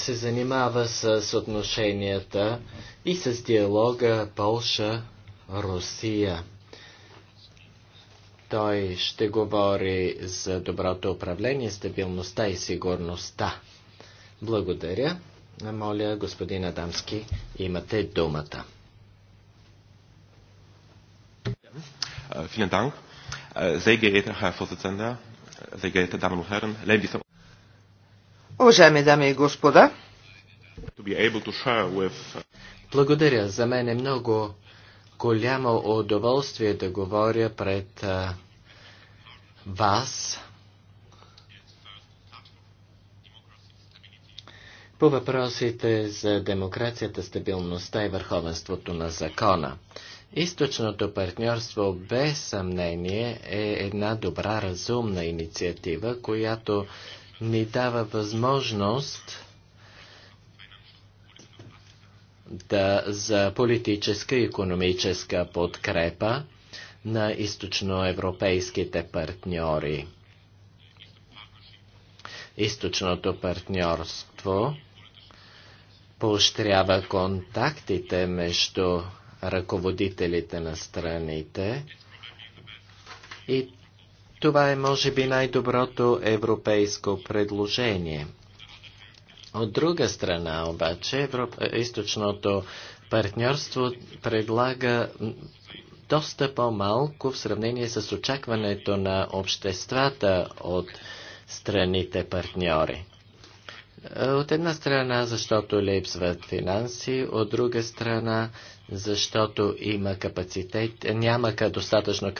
се занимава с отношенията и с диалога Полша-Русия. Той ще говори за доброто управление, стабилността и сигурността. Благодаря. Моля, господин Адамски, имате думата. Vielen Dank. Sehr geehrter Herr Vorsitzender, sehr geehrte Damen und Herren, ladies and Уважаеми дами и господа, благодаря. За мен е много голямо удоволствие да говоря пред вас по въпросите за демокрацията, стабилността и върховенството на закона. Източното партньорство без съмнение е една добра разумна инициатива, която ни дава възможност да, за политическа и економическа подкрепа на източноевропейските партньори. Източното партньорство поощрява контактите между ръководителите на страните и това е, може би, най-доброто европейско предложение. От друга страна, обаче, Европ... Е, източното партньорство предлага доста по-малко в сравнение с очакването на обществата от страните партньори. Е, от една страна, защото липсват финанси, от друга страна, защото има капацитет, няма достатъчно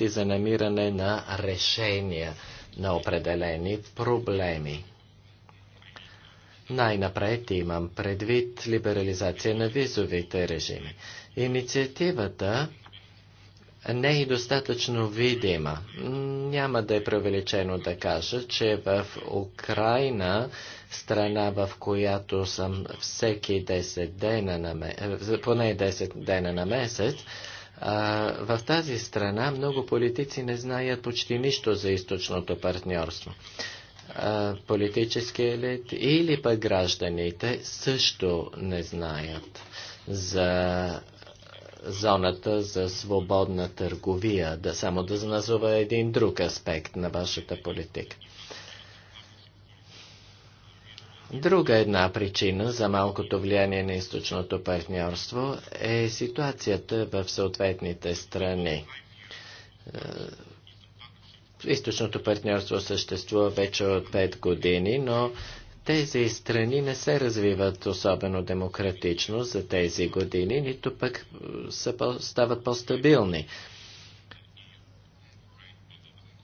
и за намиране на решения на определени проблеми. Най-напред имам предвид либерализация на визовите режими. Инициативата не е достатъчно видима. Няма да е преувеличено да кажа, че в Украина страна, в която съм всеки 10 дена на месец, поне 10 дена на месец, в тази страна много политици не знаят почти нищо за източното партньорство. политически елит или пък гражданите също не знаят за зоната за свободна търговия. Да, само да назова един друг аспект на вашата политика. Друга една причина за малкото влияние на източното партньорство е ситуацията в съответните страни. Е, източното партньорство съществува вече от 5 години, но тези страни не се развиват особено демократично за тези години, нито пък са, стават по-стабилни.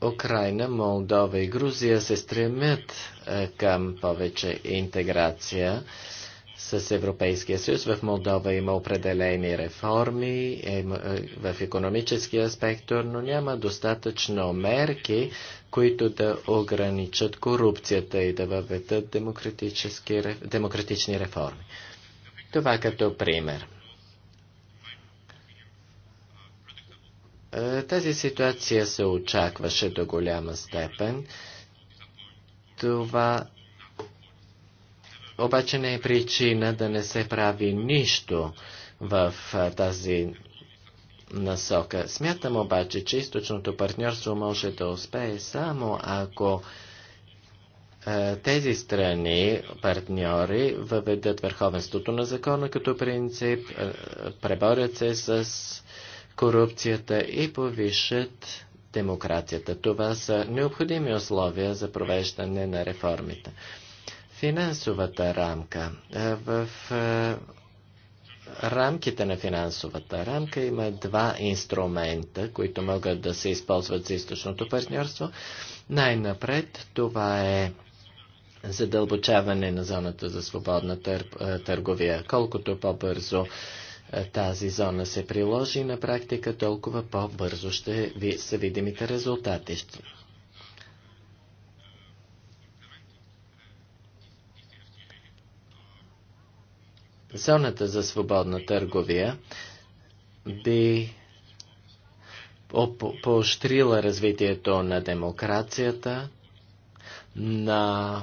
Украина, Молдова и Грузия се стремят е, към повече интеграция с Европейския съюз. В Молдова има определени реформи е, е, в економическия аспектор, но няма достатъчно мерки, които да ограничат корупцията и да въведат демократични реформи. Това като пример. Е, тази ситуация се очакваше до голяма степен. Това обаче не е причина да не се прави нищо в е, тази насока. Смятам обаче, че източното партньорство може да успее само ако е, тези страни, партньори, въведат върховенството на закона като принцип, преборят се с корупцията и повишат демокрацията. Това са необходими условия за провеждане на реформите. Финансовата рамка. Е, в е, рамките на финансовата рамка има два инструмента, които могат да се използват за източното партньорство. Най-напред това е задълбочаване на зоната за свободна е, търговия. Колкото по-бързо е, тази зона се приложи на практика, толкова по-бързо ще ви са видимите резултати. Зоната за свободна търговия би поощрила развитието на демокрацията, на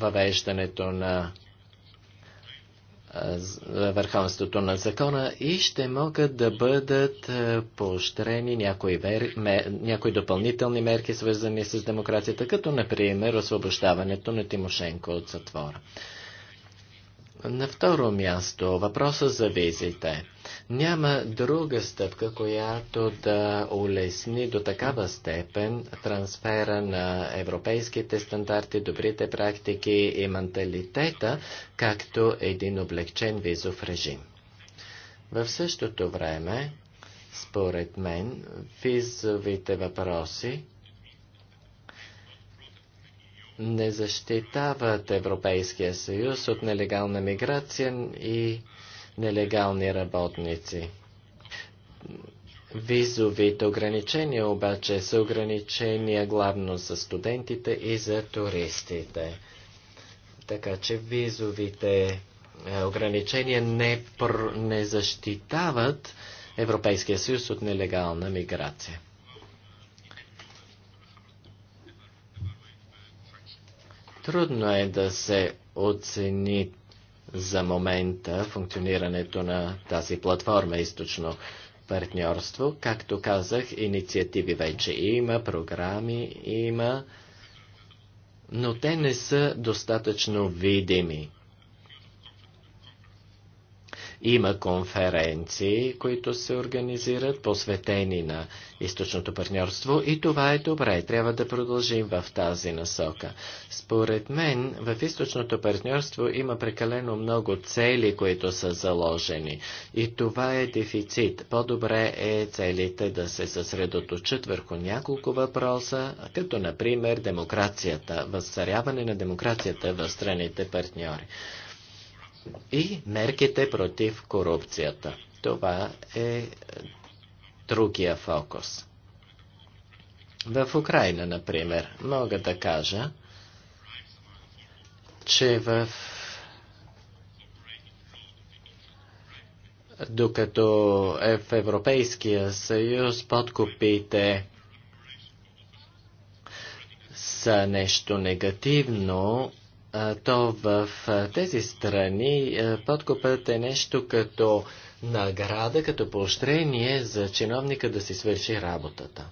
въвеждането на върховенството на закона и ще могат да бъдат поощрени някои, вер... някои допълнителни мерки, свързани с демокрацията, като например освобождаването на Тимошенко от затвора. На второ място, въпроса за визите. Няма друга стъпка, която да улесни до такава степен трансфера на европейските стандарти, добрите практики и менталитета, както един облегчен визов режим. В същото време, според мен, визовите въпроси не защитават Европейския съюз от нелегална миграция и нелегални работници. Визовите ограничения обаче са ограничения главно за студентите и за туристите. Така че визовите е, ограничения не, не защитават Европейския съюз от нелегална миграция. Трудно е да се оцени за момента функционирането на тази платформа източно партньорство. Както казах, инициативи вече има, програми има, но те не са достатъчно видими. Има конференции, които се организират, посветени на източното партньорство и това е добре. Трябва да продължим в тази насока. Според мен, в източното партньорство има прекалено много цели, които са заложени. И това е дефицит. По-добре е целите да се съсредоточат върху няколко въпроса, като например демокрацията, възцаряване на демокрацията в страните партньори и мерките против корупцията. Това е другия фокус. В Украина, например, мога да кажа, че в докато е в Европейския съюз подкупите са нещо негативно, то в тези страни подкупът е нещо като награда, като поощрение за чиновника да си свърши работата.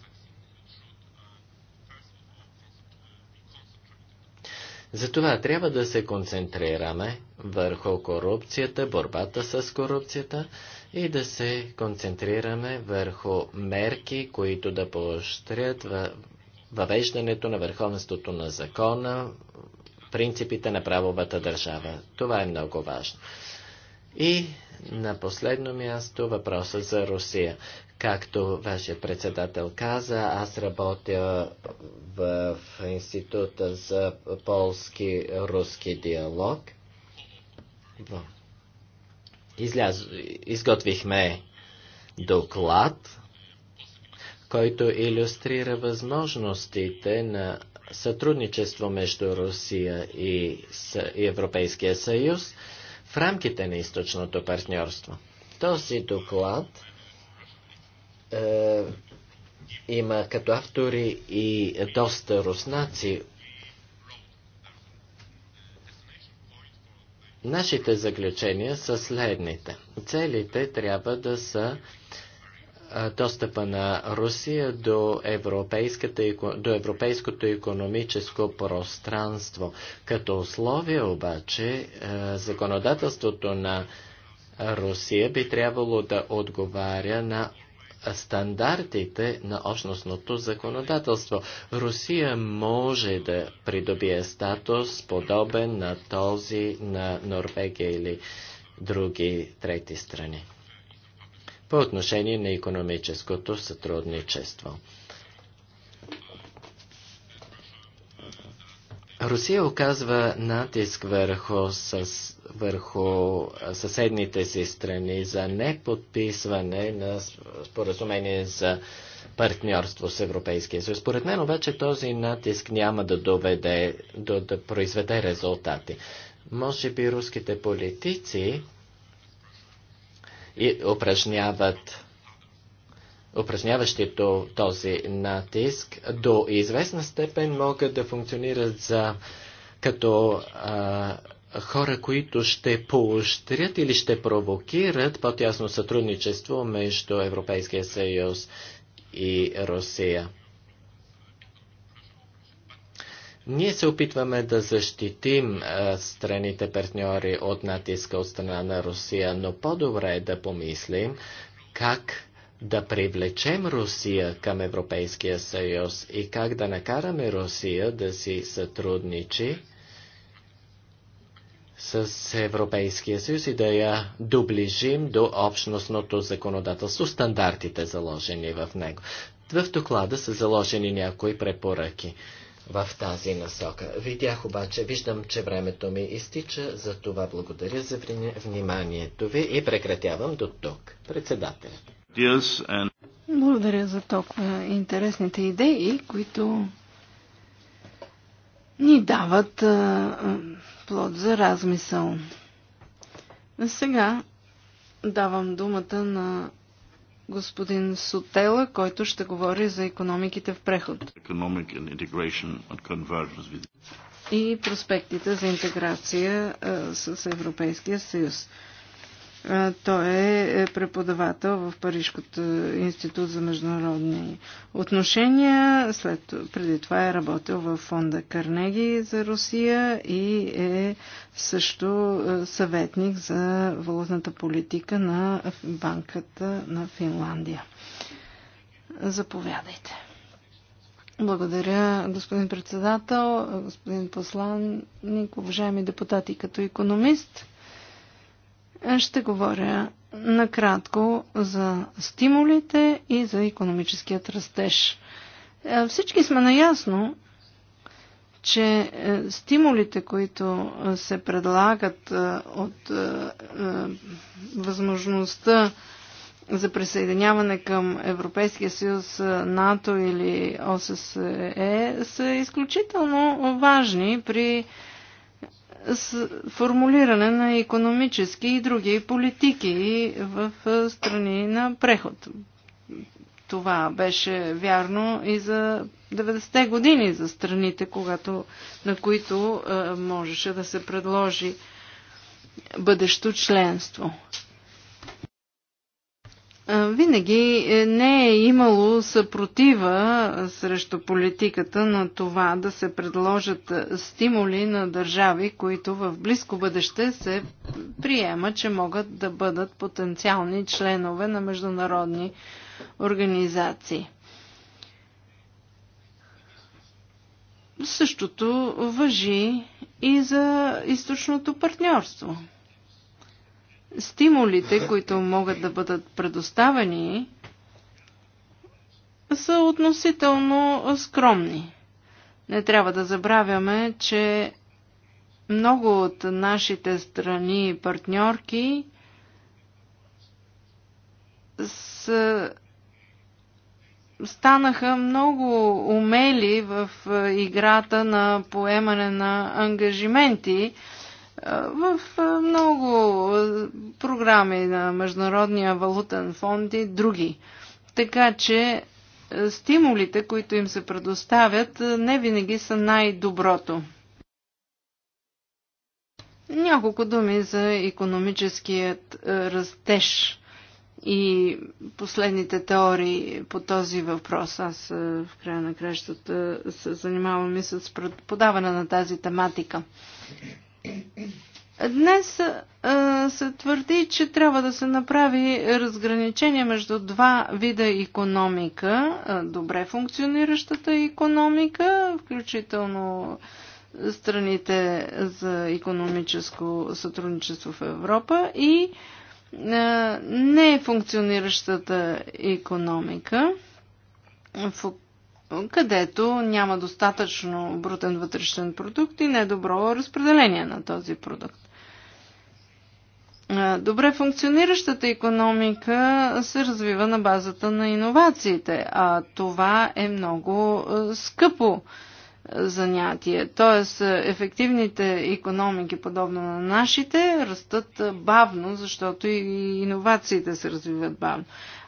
Затова трябва да се концентрираме върху корупцията, борбата с корупцията и да се концентрираме върху мерки, които да поощрят въвеждането на върховенството на закона принципите на правовата държава. Това е много важно. И на последно място въпроса за Русия. Както вашия председател каза, аз работя в Института за полски-руски диалог. Изляз... Изготвихме доклад, който иллюстрира възможностите на сътрудничество между Русия и Европейския съюз в рамките на източното партньорство. Този доклад е, има като автори и доста руснаци. Нашите заключения са следните. Целите трябва да са достъпа на Русия до, до европейското економическо пространство. Като условие обаче законодателството на Русия би трябвало да отговаря на стандартите на общностното законодателство. Русия може да придобие статус подобен на този на Норвегия или други трети страни по отношение на економическото сътрудничество. Русия оказва натиск върху, със, върху съседните си страни за неподписване на споразумение за партньорство с Европейския съюз. Според мен обаче този натиск няма да доведе, до, да произведе резултати. Може би руските политици и упражняват упражняващи този натиск до известна степен могат да функционират за, като а, хора, които ще поощрят или ще провокират по-тясно сътрудничество между Европейския съюз и Русия. Ние се опитваме да защитим страните партньори от натиска от страна на Русия, но по-добре е да помислим как да привлечем Русия към Европейския съюз и как да накараме Русия да си сътрудничи с Европейския съюз и да я доближим до общностното законодателство, стандартите заложени в него. В доклада са заложени някои препоръки в тази насока. Видях обаче, виждам, че времето ми изтича, за това благодаря за вниманието ви и прекратявам до тук. Председател. Благодаря за толкова интересните идеи, които ни дават а, плод за размисъл. Сега давам думата на господин Сотела, който ще говори за економиките в преход. И проспектите за интеграция а, с Европейския съюз. Той е, е преподавател в Парижкото институт за международни отношения. След, преди това е работил в фонда Карнеги за Русия и е също е, съветник за валутната политика на банката на Финландия. Заповядайте. Благодаря, господин председател, господин посланник, уважаеми депутати. Като економист, ще говоря накратко за стимулите и за економическият растеж. Е, всички сме наясно, че е, стимулите, които е, се предлагат от възможността за присъединяване към Европейския съюз, НАТО или ОССЕ, са изключително важни при с формулиране на економически и други политики в страни на преход. Това беше вярно и за 90-те години за страните, когато, на които можеше да се предложи бъдещо членство. Винаги е, не е имало съпротива срещу политиката на това да се предложат стимули на държави, които в близко бъдеще се приема, че могат да бъдат потенциални членове на международни организации. Същото въжи и за източното партньорство стимулите, които могат да бъдат предоставени, са относително скромни. Не трябва да забравяме, че много от нашите страни и партньорки са, станаха много умели в играта на поемане на ангажименти, в много програми на Международния валутен фонд и други. Така че стимулите, които им се предоставят, не винаги са най-доброто. Няколко думи за економическият растеж и последните теории по този въпрос. Аз в края на кращата се занимавам и с подаване на тази тематика. Днес се твърди, че трябва да се направи разграничение между два вида економика, добре функциониращата економика, включително страните за економическо сътрудничество в Европа и не функциониращата економика, където няма достатъчно брутен вътрешен продукт и недобро е разпределение на този продукт. Добре функциониращата економика се развива на базата на иновациите, а това е много скъпо занятие. Тоест, ефективните економики, подобно на нашите, растат бавно, защото и иновациите се развиват бавно.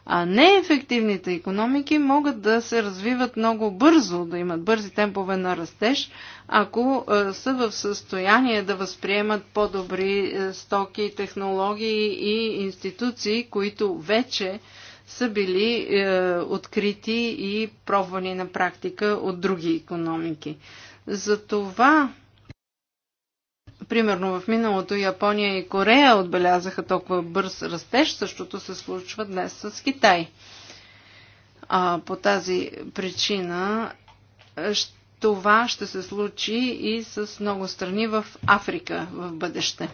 А неефективните економики могат да се развиват много бързо, да имат бързи темпове на растеж, ако е, са в състояние да възприемат по-добри е, стоки, технологии и институции, които вече са били е, открити и пробвани на практика от други економики. Затова Примерно в миналото Япония и Корея отбелязаха толкова бърз растеж, същото се случва днес с Китай. А, по тази причина това ще се случи и с много страни в Африка в бъдеще.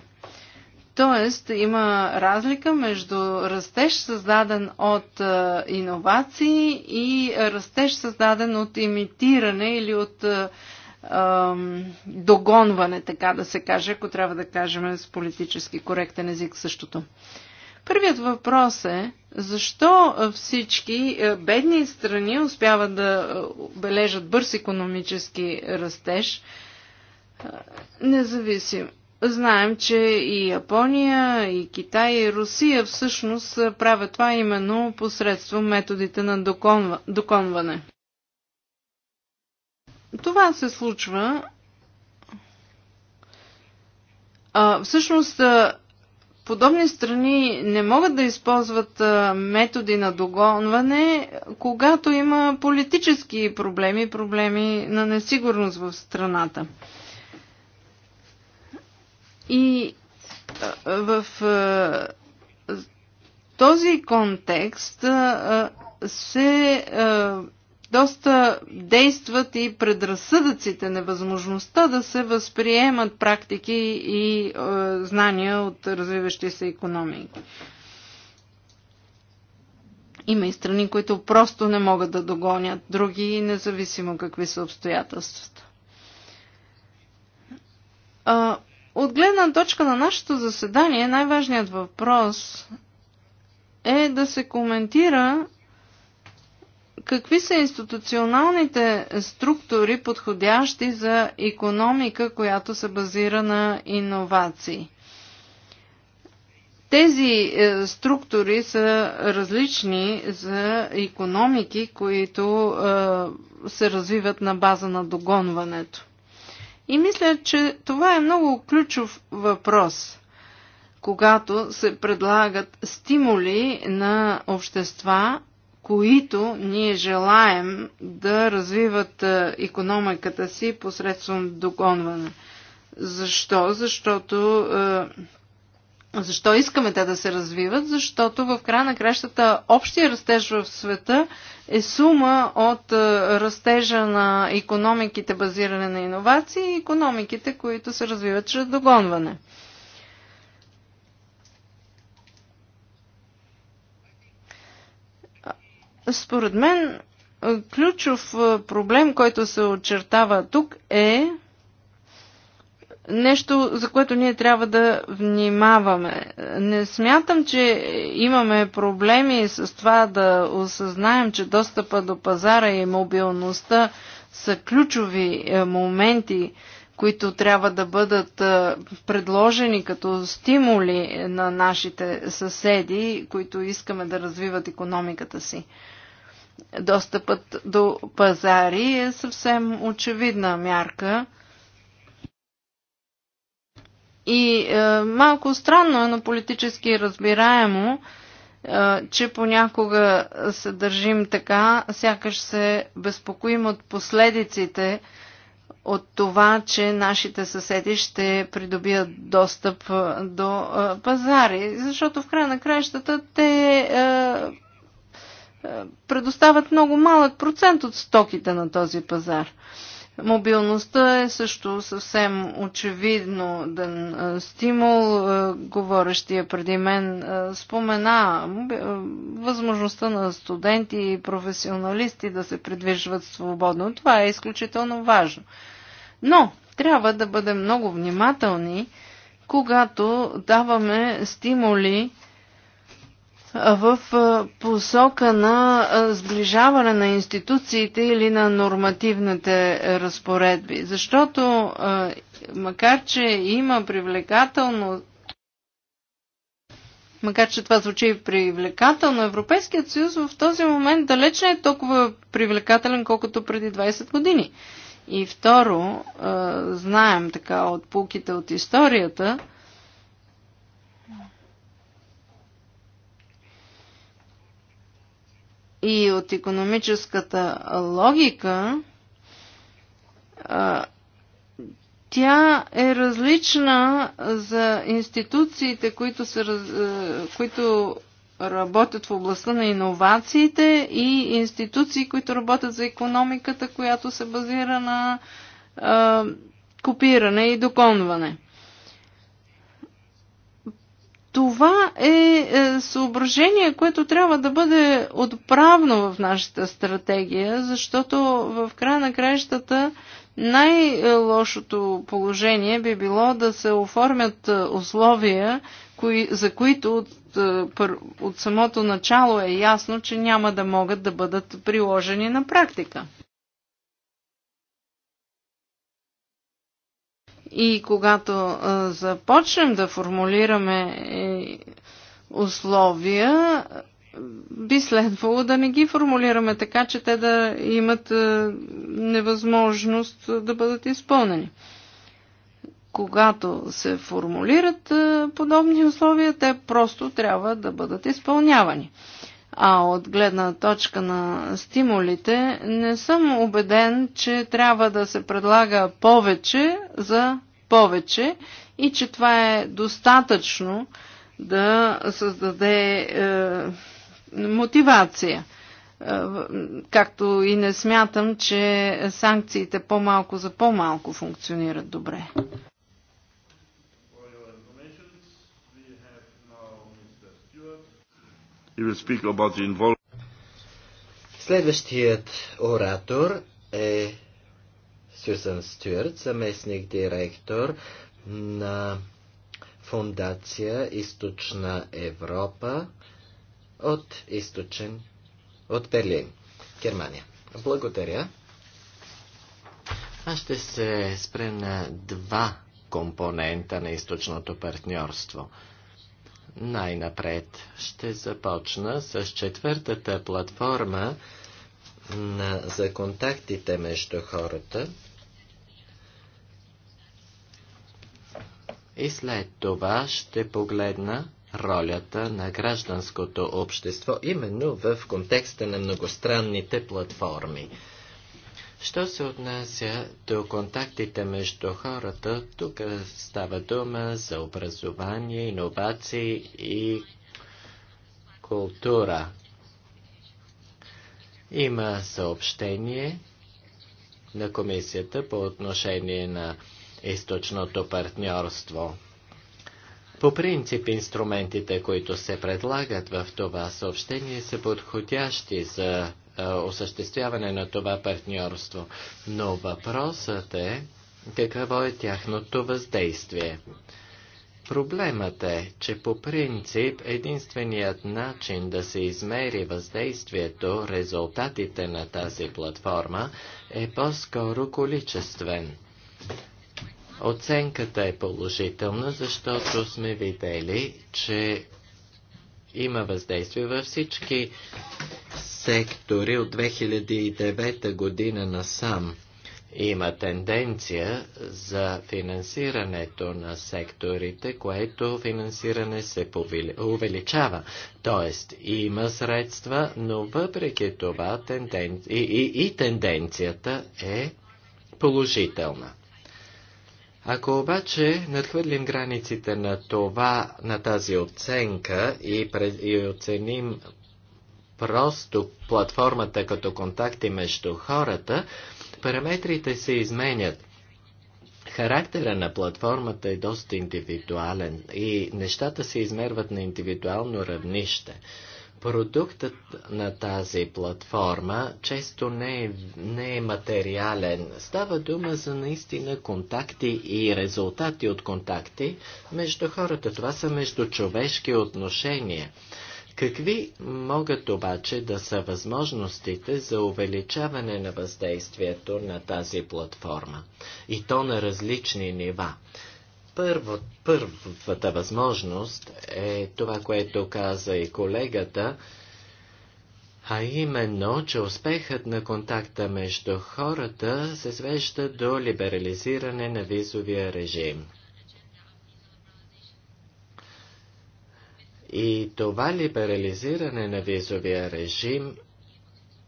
Тоест има разлика между растеж създаден от иновации и растеж създаден от имитиране или от догонване, така да се каже, ако трябва да кажем с политически коректен език същото. Първият въпрос е, защо всички е, бедни страни успяват да е, бележат бърз економически растеж, е, независимо. Знаем, че и Япония, и Китай, и Русия всъщност правят това именно посредством методите на доконва, доконване. Това се случва. А, всъщност, подобни страни не могат да използват методи на догонване, когато има политически проблеми, проблеми на несигурност в страната. И в този контекст се доста действат и предразсъдъците, на възможността да се възприемат практики и е, знания от развиващи се економики. Има и страни, които просто не могат да догонят други, независимо какви са обстоятелствата. А, от гледна точка на нашето заседание, най-важният въпрос е да се коментира какви са институционалните структури, подходящи за економика, която се базира на иновации? Тези е, структури са различни за економики, които е, се развиват на база на догонването. И мисля, че това е много ключов въпрос, когато се предлагат стимули на общества които ние желаем да развиват економиката си посредством догонване. Защо? Защото защо искаме те да се развиват? Защото в края на кращата общия растеж в света е сума от растежа на економиките базиране на иновации и економиките, които се развиват чрез догонване. Според мен е, ключов е, проблем, който се очертава тук е нещо, за което ние трябва да внимаваме. Не смятам, че имаме проблеми с това да осъзнаем, че достъпа до пазара и мобилността са ключови е, моменти които трябва да бъдат предложени като стимули на нашите съседи, които искаме да развиват економиката си. Достъпът до пазари е съвсем очевидна мярка. И е, малко странно е, но политически е разбираемо, е, че понякога се държим така, сякаш се безпокоим от последиците, от това, че нашите съседи ще придобият достъп до пазари, защото в края на краищата те е, предоставят много малък процент от стоките на този пазар. Мобилността е също съвсем очевидно ден стимул. Говорещия преди мен спомена възможността на студенти и професионалисти да се придвижват свободно. Това е изключително важно. Но трябва да бъдем много внимателни, когато даваме стимули в посока на сближаване на институциите или на нормативните разпоредби. Защото, макар че има привлекателно, макар че това звучи и привлекателно, Европейският съюз в този момент далеч не е толкова привлекателен, колкото преди 20 години. И второ, е, знаем така от пуките от историята, и от економическата логика, е, тя е различна за институциите, които, са, е, които работят в областта на иновациите и институции, които работят за економиката, която се базира на а, копиране и доконване. Това е, е съображение, което трябва да бъде отправно в нашата стратегия, защото в края на краищата най-лошото положение би било да се оформят условия, кои, за които е, от, самото начало е ясно, че няма да могат да бъдат приложени на практика. И когато а, е, започнем да формулираме е, условия, би следвало да не ги формулираме така, че те да имат е, невъзможност да бъдат изпълнени когато се формулират е, подобни условия, те просто трябва да бъдат изпълнявани. А от гледна точка на стимулите, не съм убеден, че трябва да се предлага повече за повече и че това е достатъчно да създаде е, мотивация. Е, както и не смятам, че санкциите по-малко за по-малко функционират добре. Следващият оратор е Сюзан Стюарт, заместник директор на Фундация Източна Европа от Източен, от Берлин, Германия. Благодаря. Аз ще се спре на два компонента на източното партньорство – най-напред ще започна с четвъртата платформа на, за контактите между хората. И след това ще погледна ролята на гражданското общество именно в контекста на многостранните платформи. Що се отнася до контактите между хората, тук става дума за образование, иновации и култура. Има съобщение на комисията по отношение на източното партньорство. По принцип инструментите, които се предлагат в това съобщение, са подходящи за осъществяване на това партньорство. Но въпросът е какво е тяхното въздействие. Проблемът е, че по принцип единственият начин да се измери въздействието, резултатите на тази платформа е по-скоро количествен. Оценката е положителна, защото сме видели, че има въздействие във всички сектори от 2009 година насам. Има тенденция за финансирането на секторите, което финансиране се увеличава. Тоест, има средства, но въпреки това тенден... и, и, и тенденцията е положителна. Ако обаче надхвърлим границите на, това, на тази оценка и, пред, и оценим просто платформата като контакти между хората, параметрите се изменят. Характера на платформата е доста индивидуален и нещата се измерват на индивидуално равнище. Продуктът на тази платформа често не е, не е материален. Става дума за наистина контакти и резултати от контакти между хората. Това са между човешки отношения. Какви могат обаче да са възможностите за увеличаване на въздействието на тази платформа? И то на различни нива. Първо, първата възможност е това, което каза и колегата, а именно, че успехът на контакта между хората се свежда до либерализиране на визовия режим. И това либерализиране на визовия режим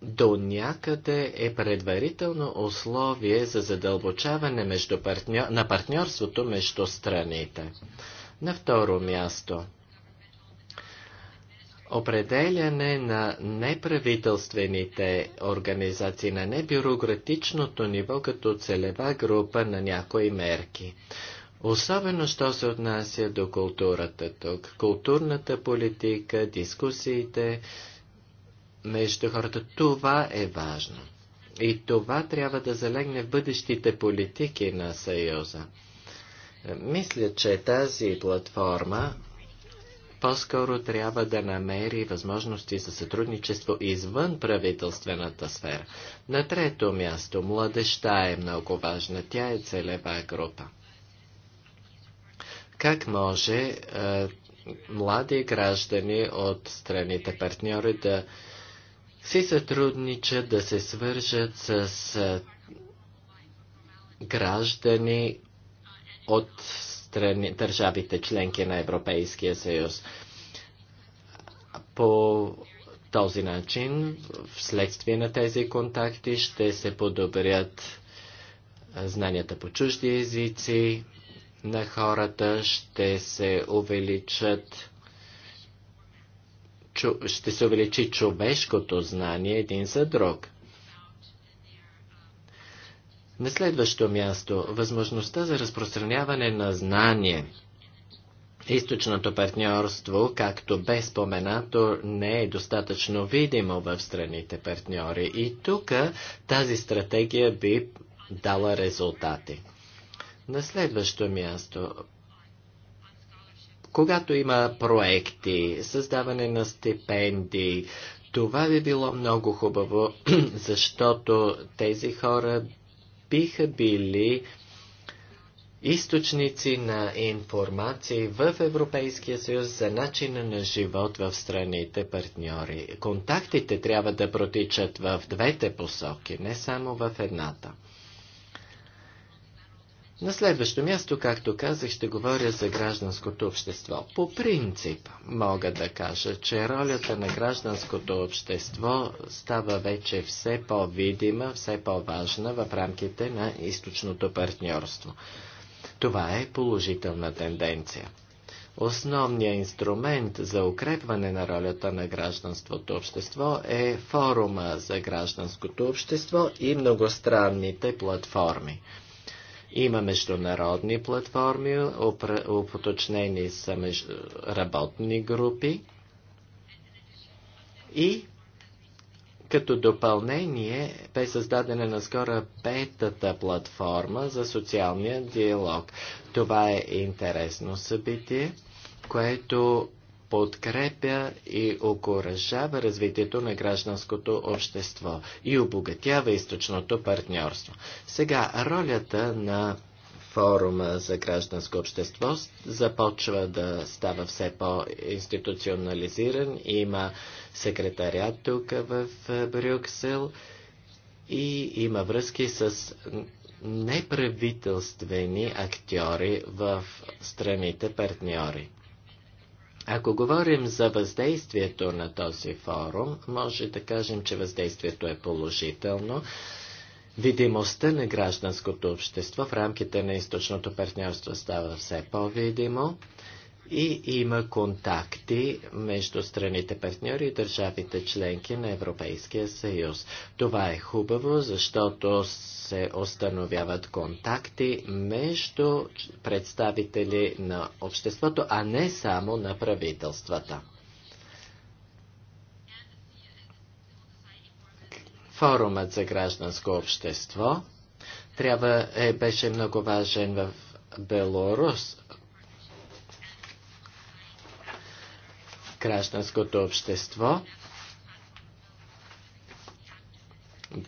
до някъде е предварително условие за задълбочаване между партньор... на партньорството между страните. На второ място определяне на неправителствените организации на небюрократичното ниво като целева група на някои мерки. Особено, що се отнася до културата тук. Културната политика, дискусиите между хората. Това е важно. И това трябва да залегне в бъдещите политики на Съюза. Мисля, че тази платформа по-скоро трябва да намери възможности за сътрудничество извън правителствената сфера. На трето място, младеща е много важна. Тя е целева група. Как може е, млади граждани от страните партньори да си сътрудничат, да се свържат с граждани от страни, държавите членки на Европейския съюз. По този начин, вследствие на тези контакти, ще се подобрят знанията по чужди езици на хората, ще се увеличат ще се увеличи човешкото знание един за друг. На следващо място, възможността за разпространяване на знание. Източното партньорство, както бе споменато, не е достатъчно видимо в страните партньори и тук тази стратегия би дала резултати. На следващо място, когато има проекти, създаване на стипендии, това би било много хубаво, защото тези хора биха били източници на информации в Европейския съюз за начина на живот в страните партньори. Контактите трябва да протичат в двете посоки, не само в едната. На следващо място, както казах, ще говоря за гражданското общество. По принцип мога да кажа, че ролята на гражданското общество става вече все по-видима, все по-важна в рамките на източното партньорство. Това е положителна тенденция. Основният инструмент за укрепване на ролята на гражданството общество е форума за гражданското общество и многостранните платформи. Има международни платформи, опоточнени са работни групи и като допълнение бе създадена наскоро петата платформа за социалния диалог. Това е интересно събитие, което подкрепя и окоръжава развитието на гражданското общество и обогатява източното партньорство. Сега, ролята на форума за гражданско общество започва да става все по-институционализиран. Има секретарят тук в е, Брюксел и има връзки с неправителствени актьори в страните партньори. Ако говорим за въздействието на този форум, може да кажем, че въздействието е положително. Видимостта на гражданското общество в рамките на източното партньорство става все по-видимо и има контакти между страните партньори и държавите членки на Европейския съюз. Това е хубаво, защото се установяват контакти между представители на обществото, а не само на правителствата. Форумът за гражданско общество трябва е, беше много важен в Белорус, гражданското общество.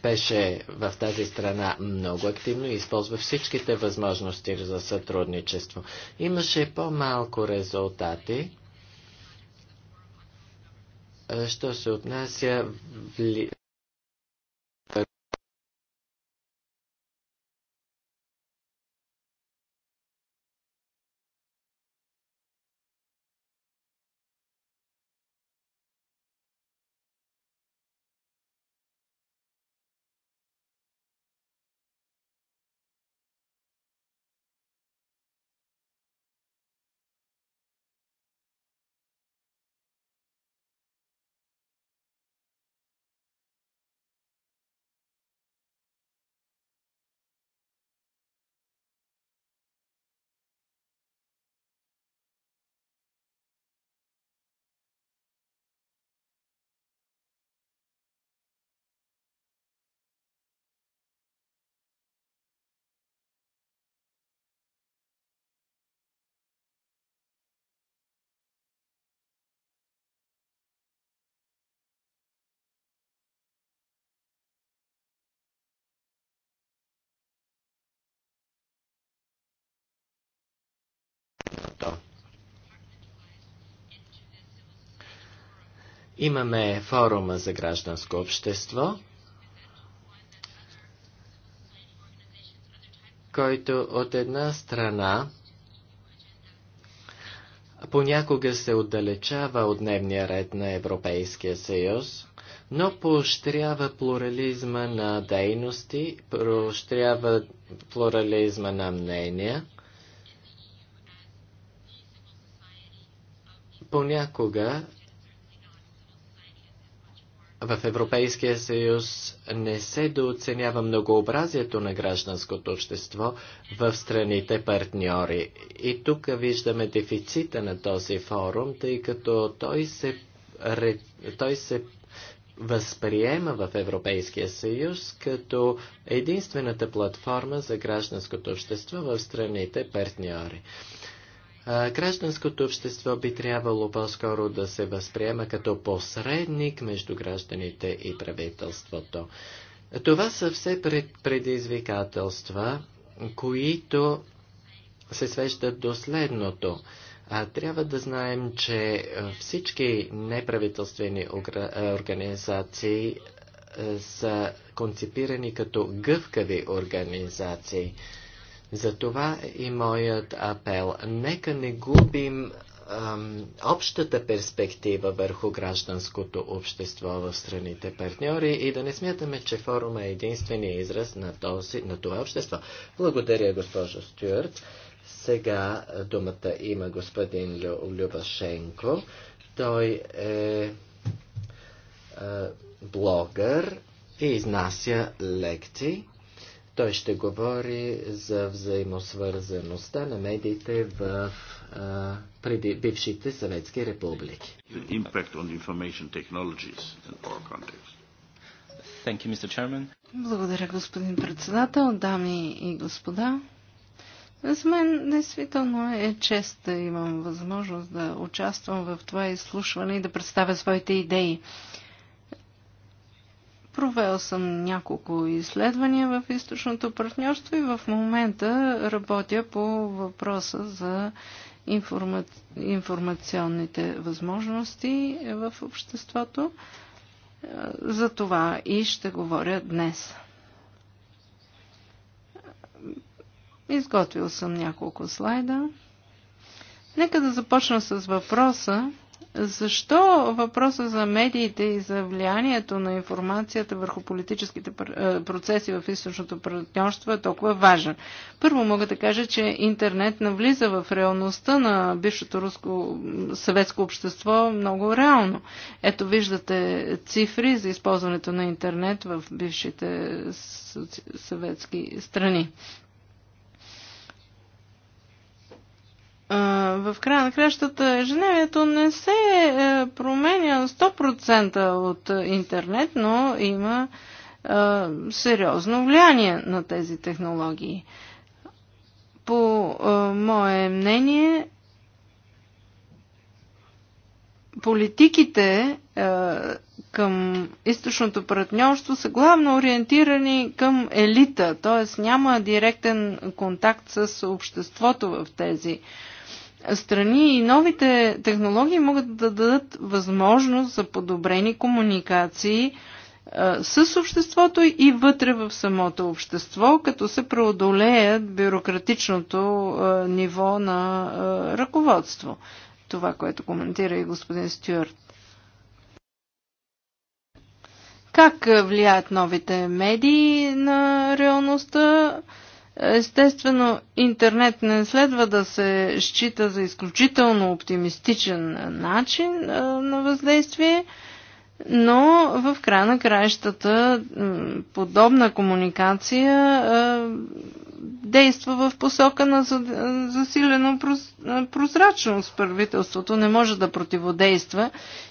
Беше в тази страна много активно и използва всичките възможности за сътрудничество. Имаше по-малко резултати, що се отнася Имаме форума за гражданско общество, който от една страна понякога се отдалечава от дневния ред на Европейския съюз, но поощрява плурализма на дейности, поощрява плурализма на мнения. Понякога в Европейския съюз не се дооценява многообразието на гражданското общество в страните партньори. И тук виждаме дефицита на този форум, тъй като той се, той се възприема в Европейския съюз като единствената платформа за гражданското общество в страните партньори. Гражданското общество би трябвало по-скоро да се възприема като посредник между гражданите и правителството. Това са все предизвикателства, които се свещат до следното. А, трябва да знаем, че всички неправителствени организации са концепирани като гъвкави организации. Затова е и моят апел. Нека не губим ам, общата перспектива върху гражданското общество в страните партньори и да не смятаме, че форума е единствения израз на, този, на това общество. Благодаря, госпожо Стюарт. Сега думата има господин Лю, Любашенко. Той е а, блогър и изнася лекции. Той ще говори за взаимосвързаността на медиите в а, преди бившите съветски републики. You, Благодаря, господин председател, дами и господа. За мен действително е чест да имам възможност да участвам в това изслушване и да представя своите идеи. Провел съм няколко изследвания в източното партньорство и в момента работя по въпроса за информа... информационните възможности в обществото. За това и ще говоря днес. Изготвил съм няколко слайда. Нека да започна с въпроса защо въпроса за медиите и за влиянието на информацията върху политическите е, процеси в източното партньорство е толкова важен? Първо мога да кажа, че интернет навлиза в реалността на бившото руско съветско общество много реално. Ето виждате цифри за използването на интернет в бившите съветски страни. в края на кращата ежедневието не се е, променя 100% от интернет, но има сериозно влияние на тези технологии. По мое мнение, политиките към източното партньорство са главно ориентирани към елита, т.е. няма директен контакт с обществото в тези страни и новите технологии могат да дадат възможност за подобрени комуникации с обществото и вътре в самото общество, като се преодолеят бюрократичното ниво на ръководство. Това, което коментира и господин Стюарт. Как влияят новите медии на реалността? Естествено, интернет не следва да се счита за изключително оптимистичен начин на въздействие, но в края на краищата подобна комуникация действа в посока на засилено прозрачност. Правителството не може да противодейства.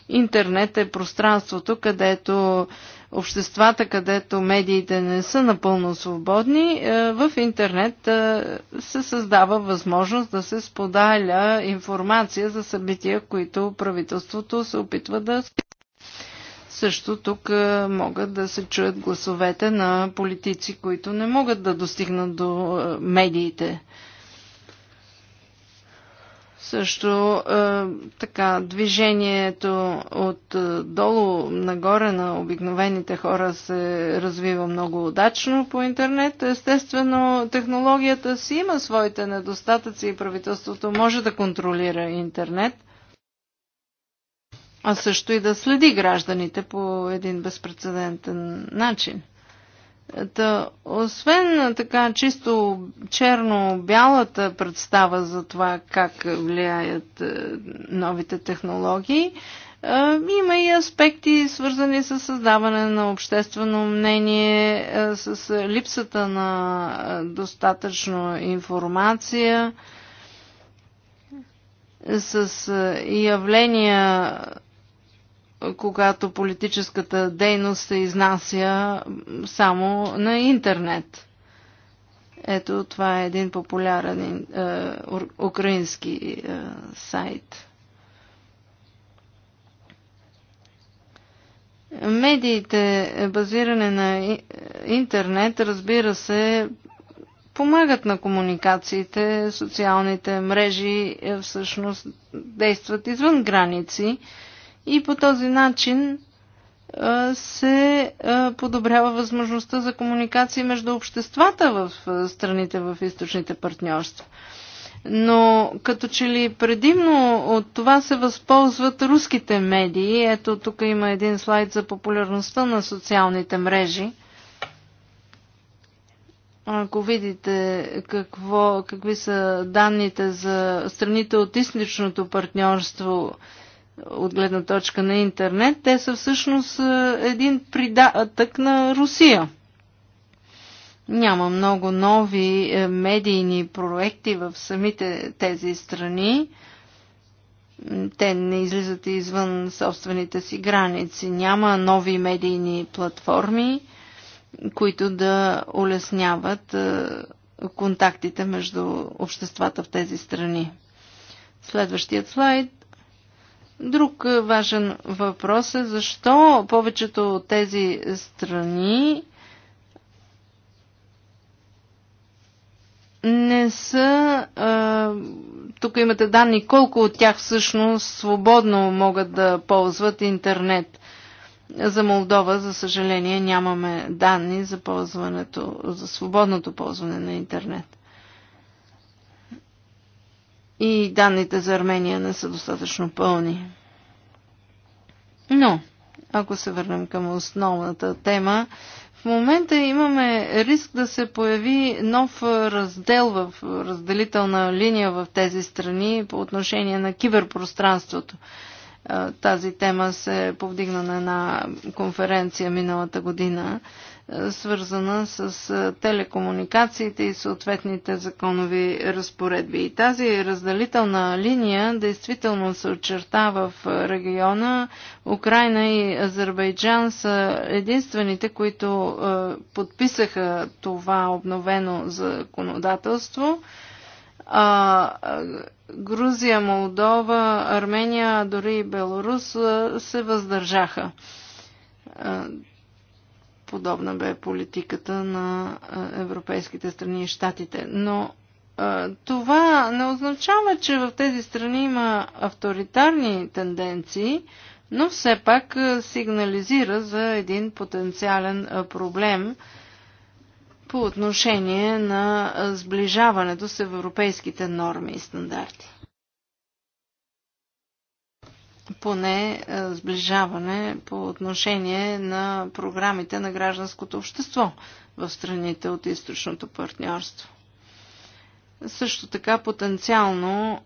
Интернет е пространството, където обществата, където медиите не са напълно свободни, е, в интернет е, се създава възможност да се споделя информация за събития, които правителството се опитва да също тук е, могат да се чуят гласовете на политици, които не могат да достигнат до медиите. Също е, така, движението от е, долу нагоре на обикновените хора се развива много удачно по интернет. Естествено, технологията си има своите недостатъци и правителството може да контролира интернет, а също и да следи гражданите по един безпредседентен начин. Та, освен така чисто черно-бялата представа за това как влияят е, новите технологии, е, има и аспекти свързани с създаване на обществено мнение, е, с липсата на достатъчно информация, с явления когато политическата дейност се изнася само на интернет. Ето, това е един популярен е, украински е, сайт. Медиите, базиране на интернет, разбира се, помагат на комуникациите, социалните мрежи е, всъщност действат извън граници и по този начин се подобрява възможността за комуникация между обществата в страните в източните партньорства. Но като че ли предимно от това се възползват руските медии. Ето тук има един слайд за популярността на социалните мрежи. Ако видите какво, какви са данните за страните от източното партньорство, от гледна точка на интернет, те са всъщност е, един придатък на Русия. Няма много нови е, медийни проекти в самите тези страни. Те не излизат извън собствените си граници. Няма нови медийни платформи, които да улесняват е, контактите между обществата в тези страни. Следващият слайд – Друг е, важен въпрос е защо повечето от тези страни не са. Е, тук имате данни колко от тях всъщност свободно могат да ползват интернет. За Молдова, за съжаление, нямаме данни за ползването, за свободното ползване на интернет и данните за Армения не са достатъчно пълни. Но, ако се върнем към основната тема, в момента имаме риск да се появи нов раздел в разделителна линия в тези страни по отношение на киберпространството. Тази тема се повдигна на една конференция миналата година. Е, свързана с е, телекомуникациите и съответните законови разпоредби. И тази разделителна линия действително се очерта в региона. Украина и Азербайджан са единствените, които е, подписаха това обновено законодателство. А, Грузия, Молдова, Армения, дори и Беларус се въздържаха подобна бе политиката на европейските страни и щатите. Но това не означава, че в тези страни има авторитарни тенденции, но все пак сигнализира за един потенциален проблем по отношение на сближаването с европейските норми и стандарти поне е, сближаване по отношение на програмите на гражданското общество в страните от източното партньорство. Също така потенциално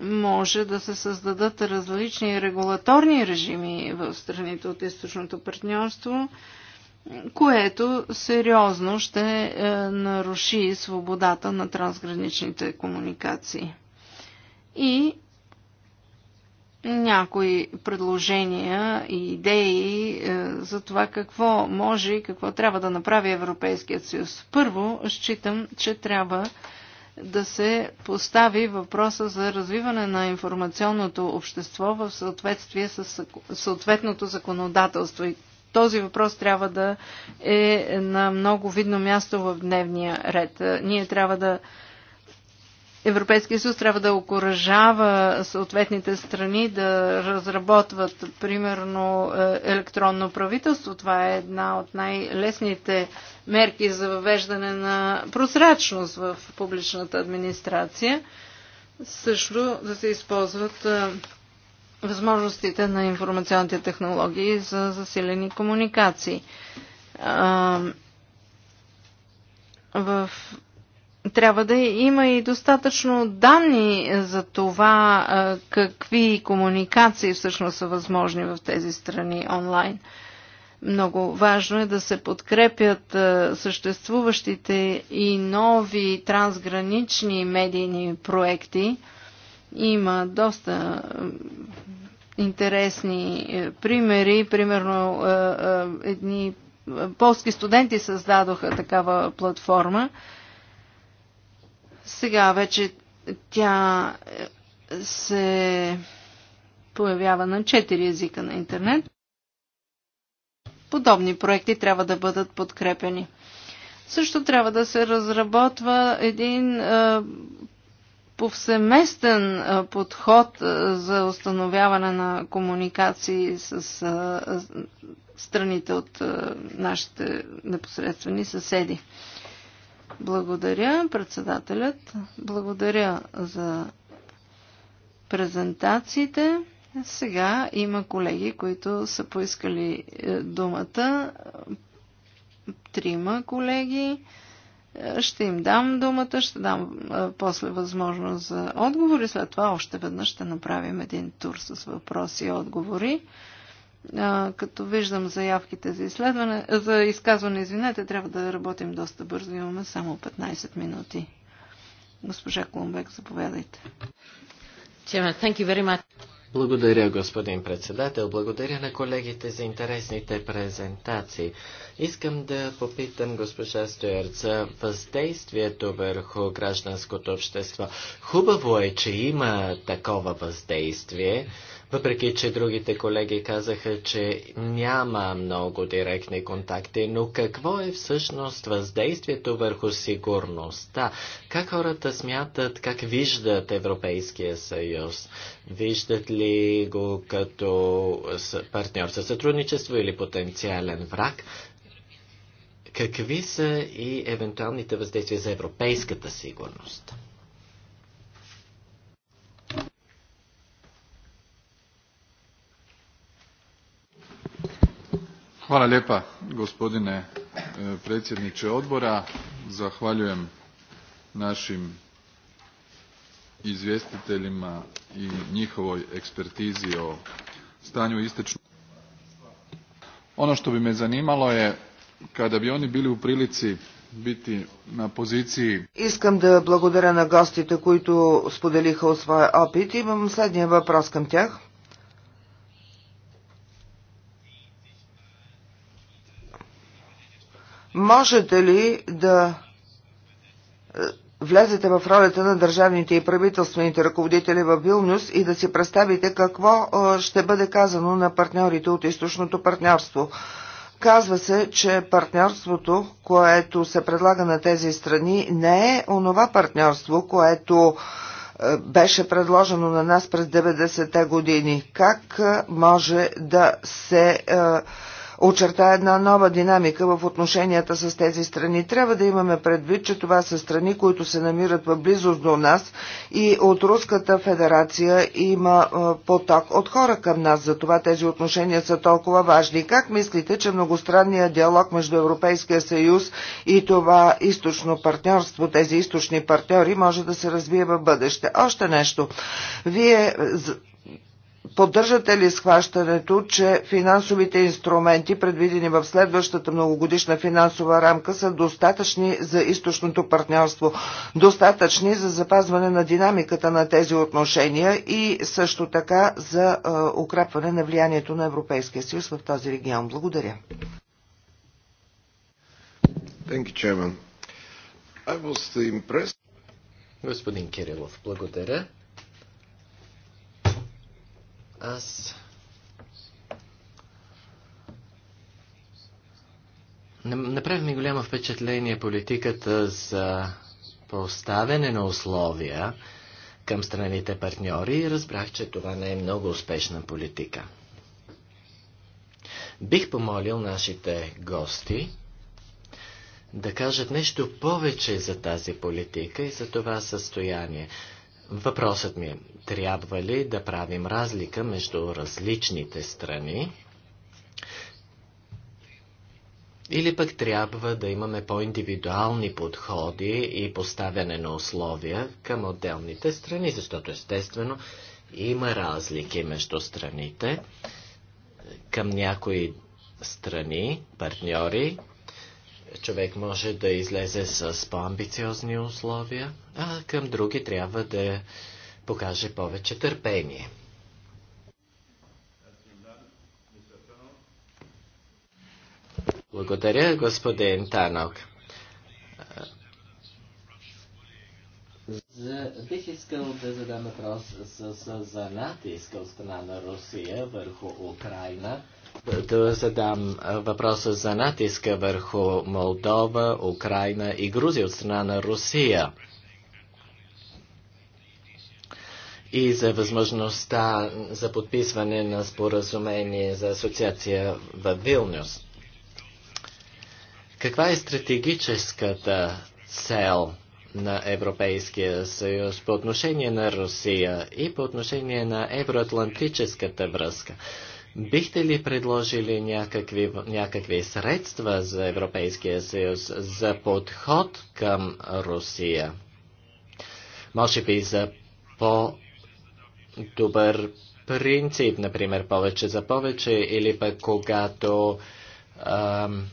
може да се създадат различни регулаторни режими в страните от източното партньорство, което сериозно ще е, наруши свободата на трансграничните комуникации. И някои предложения и идеи е, за това какво може и какво трябва да направи Европейският съюз. Първо, считам, че трябва да се постави въпроса за развиване на информационното общество в съответствие с съответното законодателство. И този въпрос трябва да е на много видно място в дневния ред. Ние трябва да Европейския съюз трябва да окоръжава съответните страни да разработват, примерно, е, електронно правителство. Това е една от най-лесните мерки за въвеждане на прозрачност в публичната администрация. Също да се използват е, възможностите на информационните технологии за засилени комуникации. Е, в трябва да има и достатъчно данни за това какви комуникации всъщност са възможни в тези страни онлайн. Много важно е да се подкрепят съществуващите и нови трансгранични медийни проекти. Има доста интересни примери. Примерно едни полски студенти създадоха такава платформа сега вече тя е, се появява на четири езика на интернет. Подобни проекти трябва да бъдат подкрепени. Също трябва да се разработва един е, повсеместен е, подход е, за установяване на комуникации с е, страните от е, нашите непосредствени съседи. Благодаря, председателят. Благодаря за презентациите. Сега има колеги, които са поискали е, думата. Трима колеги. Е, ще им дам думата, ще дам е, после възможност за отговори. След това още веднъж ще направим един тур с въпроси и отговори като виждам заявките за, изследване, за изказване, извинете, трябва да работим доста бързо. Имаме само 15 минути. Госпожа Клумбек, заповядайте. Благодаря, господин председател. Благодаря на колегите за интересните презентации. Искам да попитам госпожа Стоярд за въздействието върху гражданското общество. Хубаво е, че има такова въздействие. Въпреки, че другите колеги казаха, че няма много директни контакти, но какво е всъщност въздействието върху сигурността? Как хората смятат, как виждат Европейския съюз? Виждат ли го като партньор за сътрудничество или потенциален враг? Какви са и евентуалните въздействия за европейската сигурност? Hvala lijepa gospodine predsjedniče odbora. Zahvaljujem našim izvjestiteljima i njihovoj ekspertizi o stanju istečnog. ono što bi me zanimalo je kada bi oni bili u prilici biti na poziciji Искам да благодаря на гостите, които споделиха от своя опит. Имам следния въпрос към тях. Можете ли да е, влезете в ролята на държавните и правителствените ръководители в Вилнюс и да си представите какво е, ще бъде казано на партньорите от източното партньорство. Казва се, че партньорството, което се предлага на тези страни, не е онова партньорство, което е, беше предложено на нас през 90-те години. Как може да се е, очерта една нова динамика в отношенията с тези страни. Трябва да имаме предвид, че това са страни, които се намират в близост до нас и от Руската федерация има поток от хора към нас. Затова тези отношения са толкова важни. Как мислите, че многостранният диалог между Европейския съюз и това източно партньорство, тези източни партньори, може да се развие в бъдеще? Още нещо. Вие Поддържате ли схващането, че финансовите инструменти, предвидени в следващата многогодишна финансова рамка, са достатъчни за източното партньорство, достатъчни за запазване на динамиката на тези отношения и също така за укрепване на влиянието на Европейския съюз в този регион? Благодаря. Господин Кирилов, благодаря. Аз Направи ми голямо впечатление политиката за поставяне на условия към страните партньори и разбрах, че това не е много успешна политика. Бих помолил нашите гости да кажат нещо повече за тази политика и за това състояние. Въпросът ми е, трябва ли да правим разлика между различните страни или пък трябва да имаме по-индивидуални подходи и поставяне на условия към отделните страни, защото естествено има разлики между страните. Към някои страни, партньори, човек може да излезе с по-амбициозни условия, а към други трябва да покаже повече търпение. Благодаря, господин Танок. За, бих искал да задам въпрос с, с, за натиска от страна на Русия върху Украина да задам въпроса за натиска върху Молдова, Украина и Грузия от страна на Русия и за възможността за подписване на споразумение за асоциация в Вилнюс. Каква е стратегическата цел на Европейския съюз по отношение на Русия и по отношение на евроатлантическата връзка? Бихте ли предложили някакви, някакви средства за Европейския съюз за подход към Русия? Може би за по-добър принцип, например, повече за повече, или пък когато ам,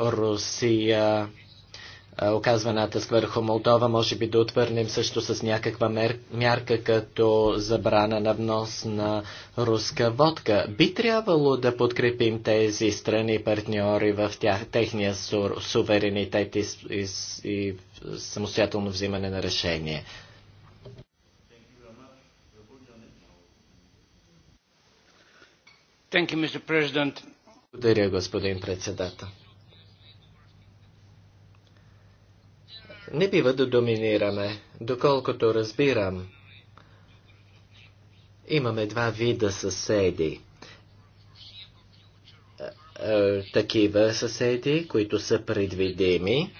Русия е, оказва натиск върху Молдова, може би да отвърнем също с някаква мер... мярка като забрана на внос на руска водка. Би трябвало да подкрепим тези страни партньори в тях, техния сур... суверенитет и... И... и самостоятелно взимане на решение. Thank you, Mr. President. Благодаря, господин председател. Не бива да доминираме, доколкото разбирам. Имаме два вида съседи. Е, е, такива съседи, които са предвидими.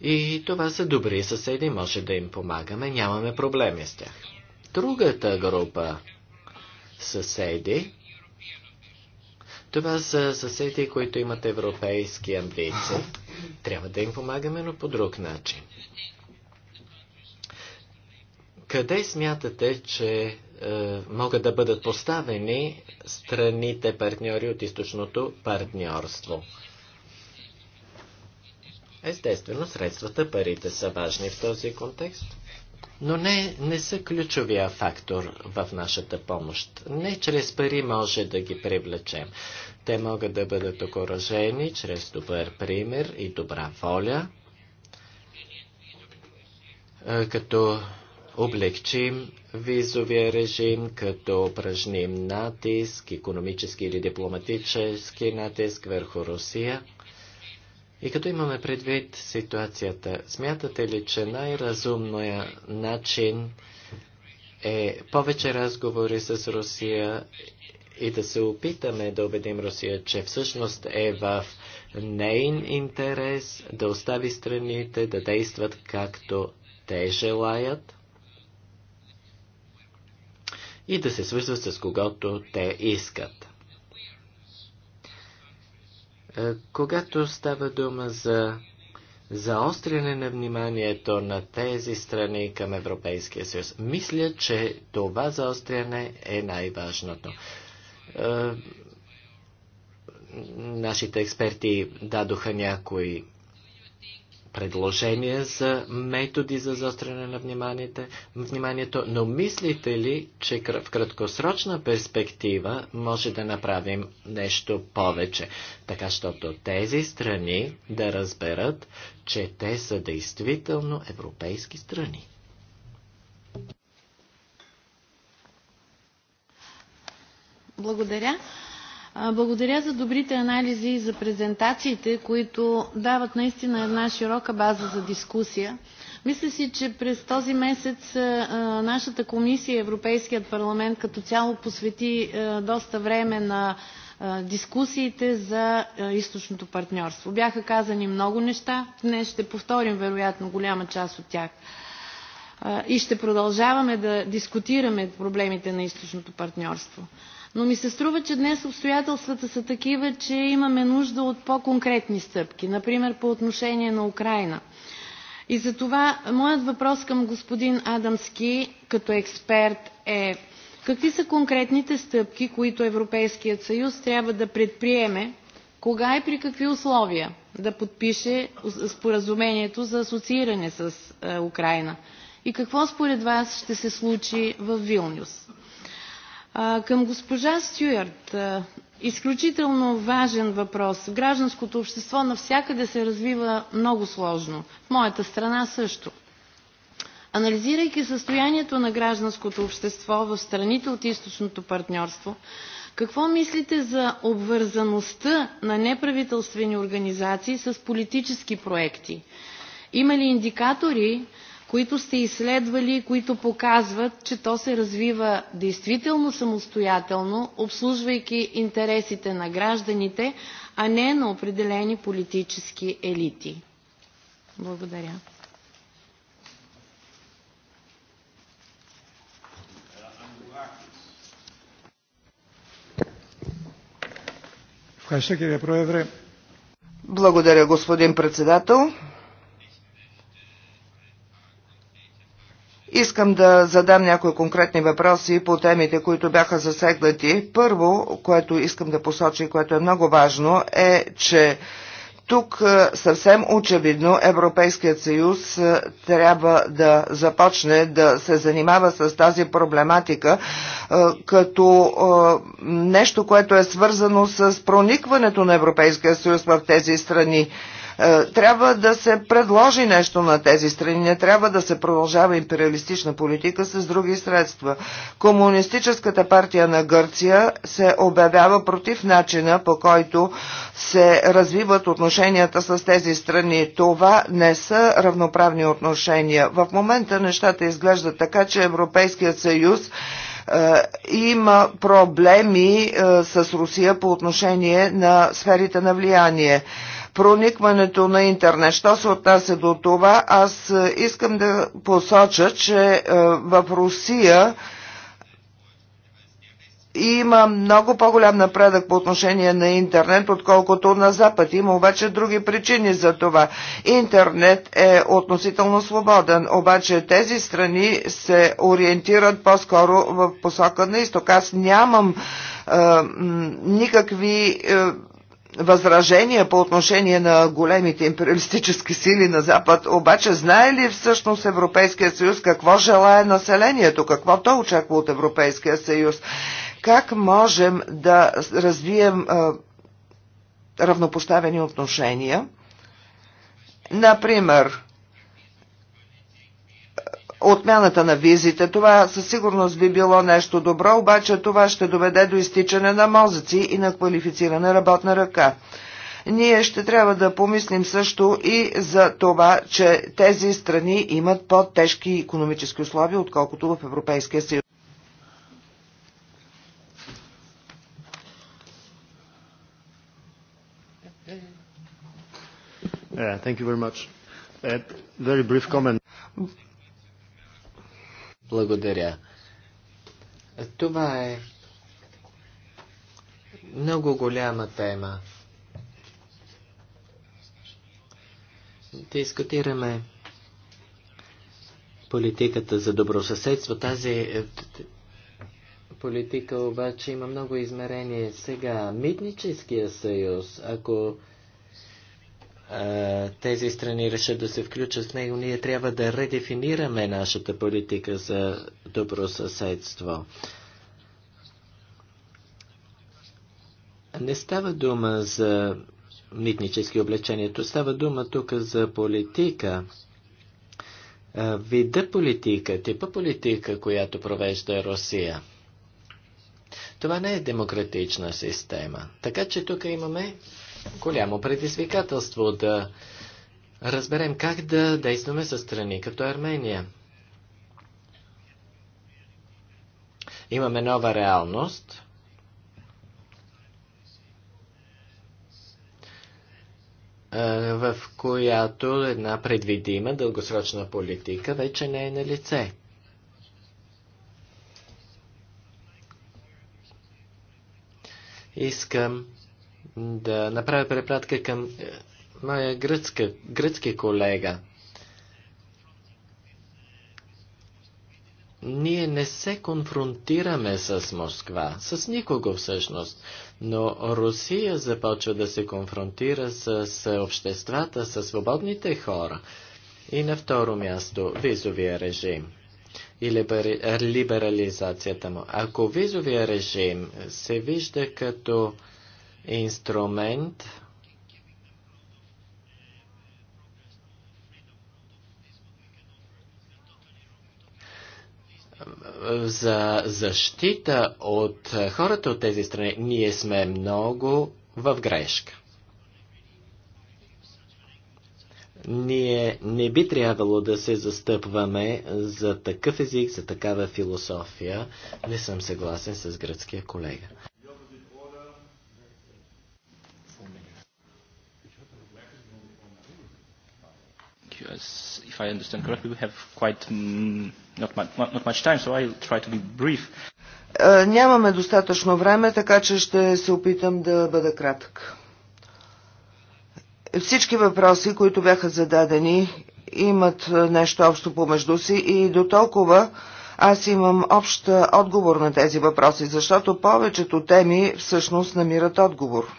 И това са добри съседи, може да им помагаме, нямаме проблеми с тях. Другата група съседи това са съседи, които имат европейски амбиции. Трябва да им помагаме, но по друг начин. Къде смятате, че е, могат да бъдат поставени страните партньори от източното партньорство? Естествено, средствата, парите са важни в този контекст но не, не са ключовия фактор в нашата помощ. Не чрез пари може да ги привлечем. Те могат да бъдат окоръжени чрез добър пример и добра воля, като облегчим визовия режим, като упражним натиск, економически или дипломатически натиск върху Русия – и като имаме предвид ситуацията, смятате ли, че най-разумният начин е повече разговори с Русия и да се опитаме да убедим Русия, че всъщност е в нейн интерес да остави страните да действат както те желаят и да се свързват с когото те искат. Е, когато става дума за заостряне на вниманието на тези страни към Европейския съюз, мисля, че това заостряне е най-важното. Е, нашите експерти дадоха някои предложения за методи за заостряне на вниманието, но мислите ли, че в краткосрочна перспектива може да направим нещо повече, така щото тези страни да разберат, че те са действително европейски страни? Благодаря. Благодаря за добрите анализи и за презентациите, които дават наистина една широка база за дискусия. Мисля си, че през този месец нашата комисия и Европейският парламент като цяло посвети доста време на дискусиите за източното партньорство. Бяха казани много неща. Днес ще повторим, вероятно, голяма част от тях. И ще продължаваме да дискутираме проблемите на източното партньорство. Но ми се струва, че днес обстоятелствата са такива, че имаме нужда от по-конкретни стъпки, например по отношение на Украина. И за това моят въпрос към господин Адамски като експерт е какви са конкретните стъпки, които Европейският съюз трябва да предприеме, кога и при какви условия да подпише споразумението за асоцииране с е, Украина? И какво според вас ще се случи в Вилнюс? Към госпожа Стюарт. Изключително важен въпрос. Гражданското общество навсякъде се развива много сложно. В моята страна също. Анализирайки състоянието на гражданското общество в страните от източното партньорство, какво мислите за обвързаността на неправителствени организации с политически проекти? Има ли индикатори, които сте изследвали, които показват, че то се развива действително самостоятелно, обслужвайки интересите на гражданите, а не на определени политически елити. Благодаря. Благодаря, господин председател. Искам да задам някои конкретни въпроси по темите, които бяха засегнати. Първо, което искам да посоча и което е много важно, е, че тук е, съвсем очевидно Европейският съюз е, трябва да започне да се занимава с тази проблематика е, като нещо, което е свързано с проникването на Европейския съюз в тези страни. Е, трябва да се предложи нещо на тези страни. Не трябва да се продължава империалистична политика с други средства. Комунистическата партия на Гърция се обявява против начина по който се развиват отношенията с тези страни. Това не са равноправни отношения. В момента нещата изглеждат така, че Европейският съюз е, има проблеми е, с Русия по отношение на сферите на влияние проникването на интернет. Що се отнася до това, аз е, искам да посоча, че е, в Русия има много по-голям напредък по отношение на интернет, отколкото на Запад. Има обаче други причини за това. Интернет е относително свободен, обаче тези страни се ориентират по-скоро в посока на изток. Аз нямам е, никакви е, възражения по отношение на големите империалистически сили на Запад, обаче знае ли всъщност Европейския съюз какво желая населението, какво то очаква от Европейския съюз? Как можем да развием а, равнопоставени отношения? Например, отмяната на визите. Това със сигурност би било нещо добро, обаче това ще доведе до изтичане на мозъци и на квалифицирана работна ръка ние ще трябва да помислим също и за това, че тези страни имат по-тежки економически условия, отколкото в Европейския съюз. Yeah, thank you very much. Uh, very brief comment. Благодаря. Това е много голяма тема. Дискутираме политиката за добросъседство. Тази е, политика обаче има много измерение. Сега, митническия съюз, ако тези страни решат да се включат в него, ние трябва да редефинираме нашата политика за добро съседство. Не става дума за митнически облечението, става дума тук за политика. Вида политика, типа политика, която провежда Русия. Това не е демократична система. Така че тук имаме голямо предизвикателство да разберем как да действаме със страни като Армения. Имаме нова реалност. Е, в която една предвидима дългосрочна политика вече не е на лице. Искам да направя препратка към е, моя гръцка, гръцки колега. Ние не се конфронтираме с Москва, с никого всъщност, но Русия започва да се конфронтира с, обществата, с свободните хора. И на второ място визовия режим и либерализацията му. Ако визовия режим се вижда като инструмент, за защита от хората от тези страни, ние сме много в грешка. Ние не би трябвало да се застъпваме за такъв език, за такава философия. Не съм съгласен с гръцкия колега. as if I understand correctly, we have quite mm, not, much, not much time, so I'll try to be brief. Е, нямаме достатъчно време, така че ще се опитам да бъда кратък. Всички въпроси, които бяха зададени, имат е, нещо общо помежду си и до толкова аз имам общ е, отговор на тези въпроси, защото повечето теми всъщност намират отговор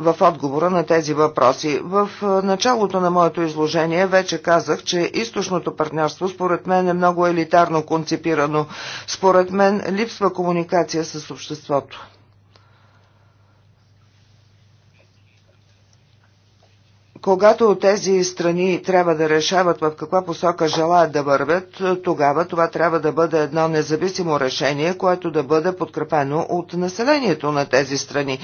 в отговора на тези въпроси. В е, началото на моето изложение вече казах, че източното партньорство според мен е много елитарно концепирано. Според мен липсва комуникация с обществото. Когато тези страни трябва да решават в каква посока желаят да вървят, е, тогава това трябва да бъде едно независимо решение, което да бъде подкрепено от населението на тези страни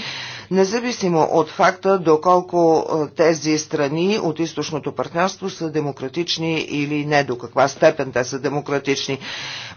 независимо от факта доколко е, тези страни от източното партньорство са демократични или не, до каква степен те са демократични.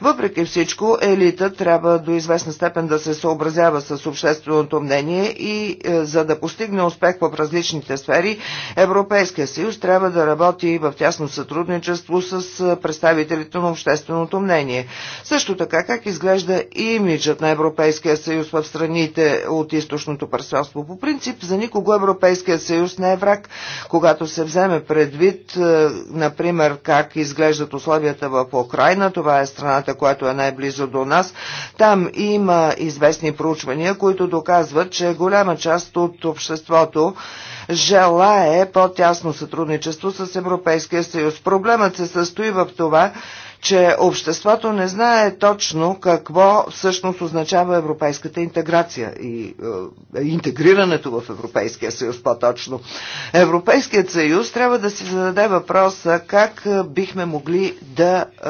Въпреки всичко, елита трябва до известна степен да се съобразява с общественото мнение и е, за да постигне успех в различните сфери, Европейския съюз трябва да работи в тясно сътрудничество с е, представителите на общественото мнение. Също така, как изглежда имиджът на Европейския съюз в страните от източното партньорство производство. По принцип, за никого Европейския съюз не е враг, когато се вземе предвид, е, например, как изглеждат условията в Украина, това е страната, която е най-близо до нас. Там има известни проучвания, които доказват, че голяма част от обществото желае по-тясно сътрудничество с Европейския съюз. Проблемът се състои в това, че обществото не знае точно какво всъщност означава европейската интеграция и е, интегрирането в Европейския съюз по-точно. Европейският съюз трябва да си зададе въпроса как е, бихме могли да е,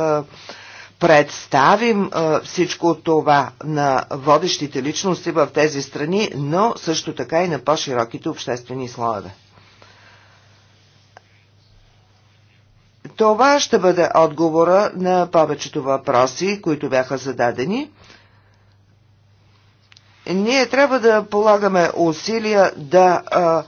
представим е, всичко това на водещите личности в тези страни, но също така и на по-широките обществени слоеве. Това ще бъде отговора на повечето въпроси, които бяха зададени. Ние трябва да полагаме усилия да а,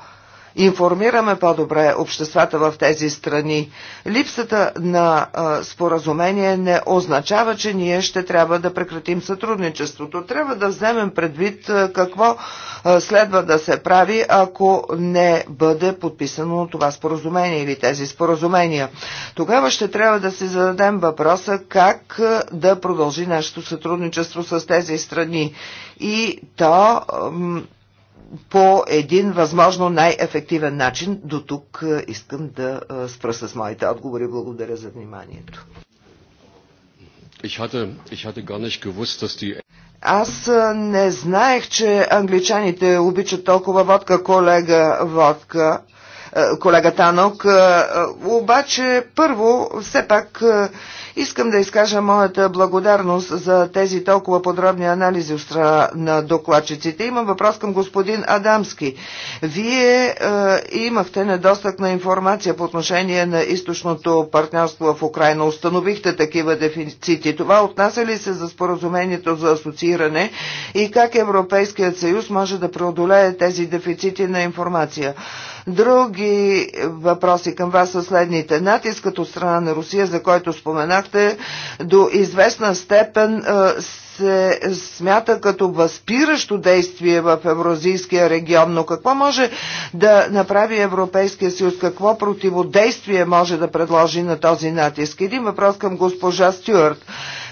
информираме по-добре обществата в тези страни. Липсата на а, споразумение не означава, че ние ще трябва да прекратим сътрудничеството. Трябва да вземем предвид а, какво а, следва да се прави, ако не бъде подписано това споразумение или тези споразумения. Тогава ще трябва да си зададем въпроса как а, да продължи нашето сътрудничество с тези страни. И то. А, по един възможно най-ефективен начин. До тук е, искам да е, спра с моите отговори. Благодаря за вниманието. Аз е, не знаех, че англичаните обичат толкова водка, колега водка, колега Танок. Обаче, първо, все пак Искам да изкажа моята благодарност за тези толкова подробни анализи от страна на докладчиците. Имам въпрос към господин Адамски. Вие е, имахте недостъг на информация по отношение на източното партньорство в Украина. Установихте такива дефицити. Това отнася ли се за споразумението за асоцииране и как Европейският съюз може да преодолее тези дефицити на информация? Други въпроси към вас са следните. Натискът от страна на Русия, за който споменах, споменахте, до известна степен се смята като възпиращо действие в евразийския регион, но какво може да направи Европейския съюз, какво противодействие може да предложи на този натиск? Един въпрос към госпожа Стюарт.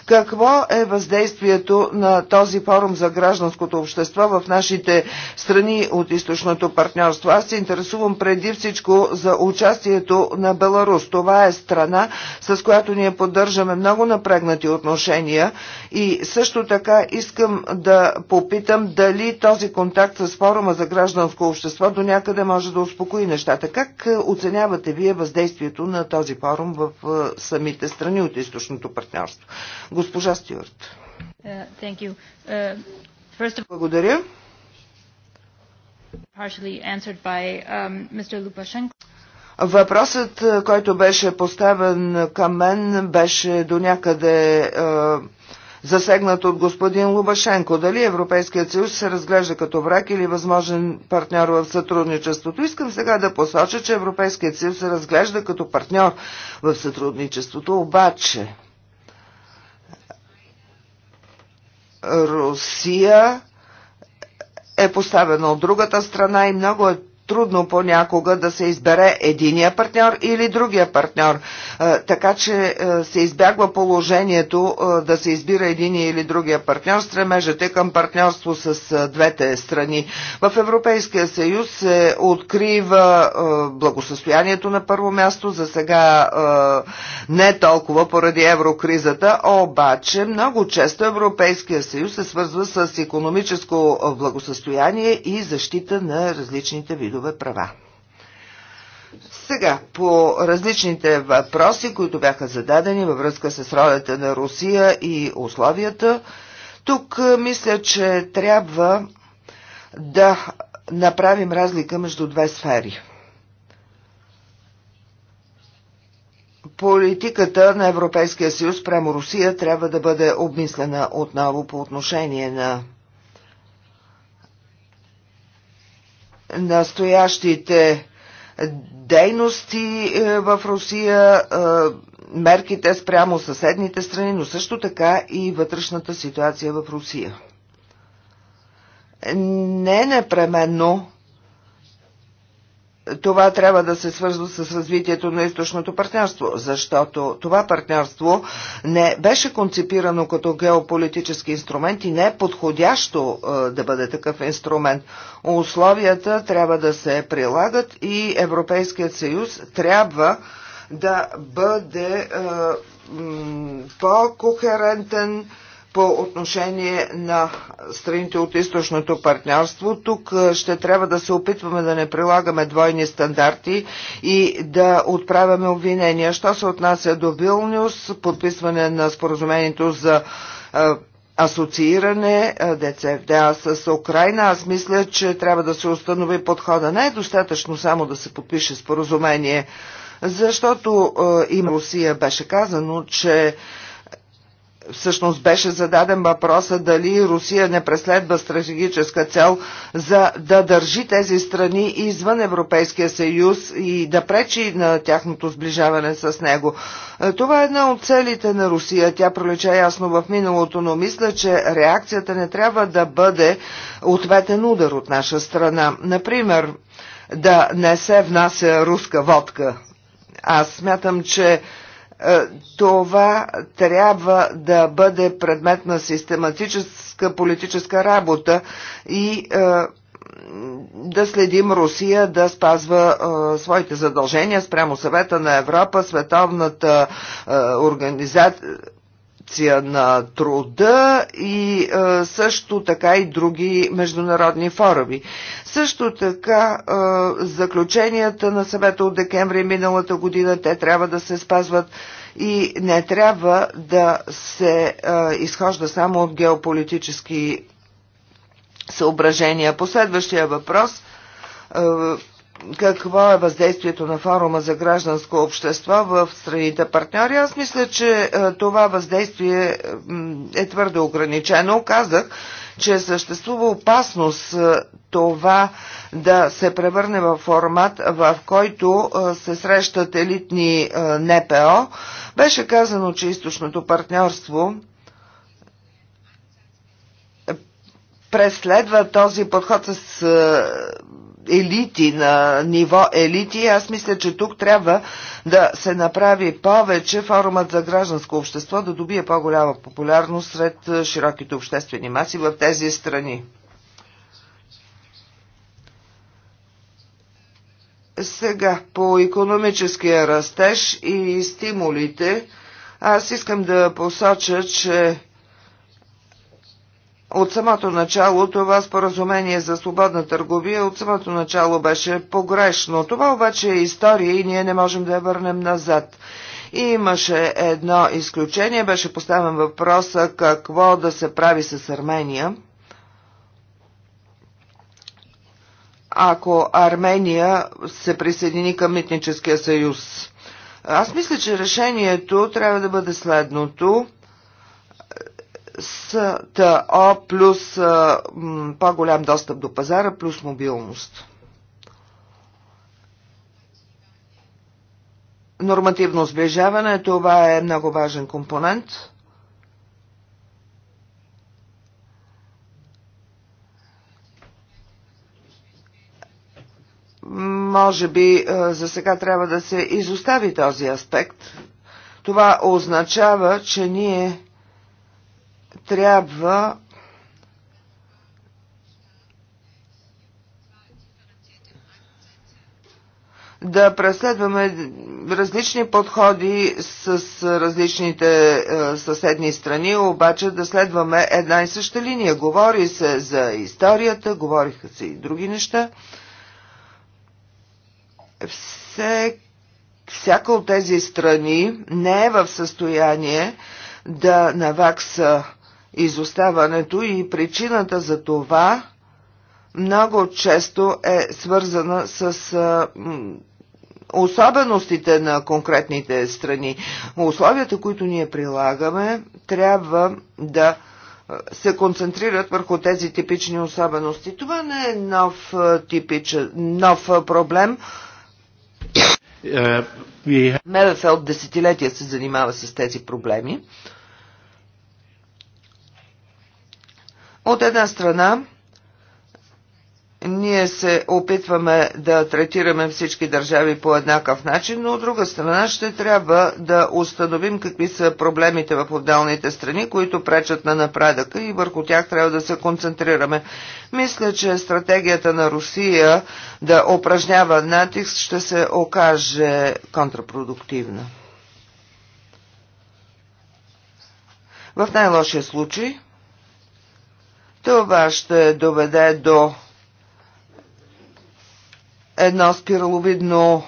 Какво е въздействието на този форум за гражданското общество в нашите страни от източното партньорство? Аз се интересувам преди всичко за участието на Беларус. Това е страна, с която ние поддържаме много напрегнати отношения и също така искам да попитам дали този контакт с форума за гражданско общество до някъде може да успокои нещата. Как е, оценявате вие въздействието на този форум в е, самите страни от източното партньорство? Госпожа Стюарт. Uh, uh, Благодаря. Um, Въпросът, uh, който беше поставен към мен, беше до някъде засегнат от господин Лубашенко. Дали Европейският съюз се разглежда като враг или възможен партньор в сътрудничеството? Искам сега да посоча, че Европейският съюз се разглежда като партньор в сътрудничеството, обаче Русия е поставена от другата страна и много е трудно понякога да се избере единия партньор или другия партньор. Е, така че е, се избягва положението е, да се избира единия или другия партньор. Стремежът е към партньорство с двете страни. В Европейския съюз се открива благосъстоянието на първо място, за сега не толкова поради еврокризата, обаче много често Европейския съюз се свързва с економическо благосъстояние и защита на различните видове видове права. Сега, по различните въпроси, които бяха зададени във връзка с ролята на Русия и условията, тук мисля, че трябва да направим разлика между две сфери. Политиката на Европейския съюз прямо Русия трябва да бъде обмислена отново по отношение на настоящите дейности е, в Русия, е, мерките спрямо съседните страни, но също така и вътрешната ситуация в Русия. Не непременно това трябва да се свързва с развитието на източното партньорство, защото това партньорство не беше концепирано като геополитически инструмент и не е подходящо е, да бъде такъв инструмент. Условията трябва да се прилагат и Европейският съюз трябва да бъде е, по-кохерентен, по отношение на страните от източното партньорство. Тук ще трябва да се опитваме да не прилагаме двойни стандарти и да отправяме обвинения. Що се отнася до Вилнюс, подписване на споразумението за асоцииране ДЦФДА с Украина, аз мисля, че трябва да се установи подхода. Не е достатъчно само да се подпише споразумение, защото и Русия беше казано, че всъщност беше зададен въпроса дали Русия не преследва стратегическа цел за да държи тези страни извън Европейския съюз и да пречи на тяхното сближаване с него. Е, това е една от целите на Русия. Тя пролича ясно в миналото, но мисля, че реакцията не трябва да бъде ответен удар от наша страна. Например, да не се внася руска водка. Аз смятам, че е, това трябва да бъде предмет на систематическа политическа работа и е, да следим Русия да спазва а, е, своите задължения спрямо съвета на Европа, Световната а, организация концепция на труда и също така и други международни форуми. Също така заключенията на съвета от декември миналата година, те трябва да се спазват и не трябва да се изхожда само от геополитически съображения. Последващия въпрос – какво е въздействието на форума за гражданско общество в страните партньори. Аз мисля, че е, това въздействие е, е твърде ограничено. Казах, че съществува опасност е, това да се превърне в формат, в който се срещат елитни НПО. Беше казано, че източното партньорство преследва този подход с елити, на ниво елити. Аз мисля, че тук трябва да се направи повече форумът за гражданско общество да добие по-голяма популярност сред широките обществени маси в тези страни. Сега по економическия растеж и стимулите, аз искам да посоча, че от самото начало това споразумение за свободна търговия от самото начало беше погрешно. Това обаче е история и ние не можем да я върнем назад. И имаше едно изключение, беше поставен въпроса какво да се прави с Армения. Ако Армения се присъедини към Митническия съюз. Аз мисля, че решението трябва да бъде следното – с ТО плюс по-голям достъп до пазара плюс мобилност. Нормативно сближаване, това е много важен компонент. Може би за сега трябва да се изостави този аспект. Това означава, че ние трябва да преследваме различни подходи с различните е, съседни страни, обаче да следваме една и съща линия. Говори се за историята, говориха се и други неща. Все, всяка от тези страни не е в състояние да навакса изоставането и причината за това много често е свързана с особеностите на конкретните страни. Условията, които ние прилагаме, трябва да се концентрират върху тези типични особености. Това не е нов, типичен, нов проблем. Мелефелд десетилетия се занимава с тези проблеми. От една страна, ние се опитваме да третираме всички държави по еднакъв начин, но от друга страна ще трябва да установим какви са проблемите в отделните страни, които пречат на напредъка и върху тях трябва да се концентрираме. Мисля, че стратегията на Русия да упражнява натиск ще се окаже контрапродуктивна. В най-лошия случай – това ще доведе до едно спираловидно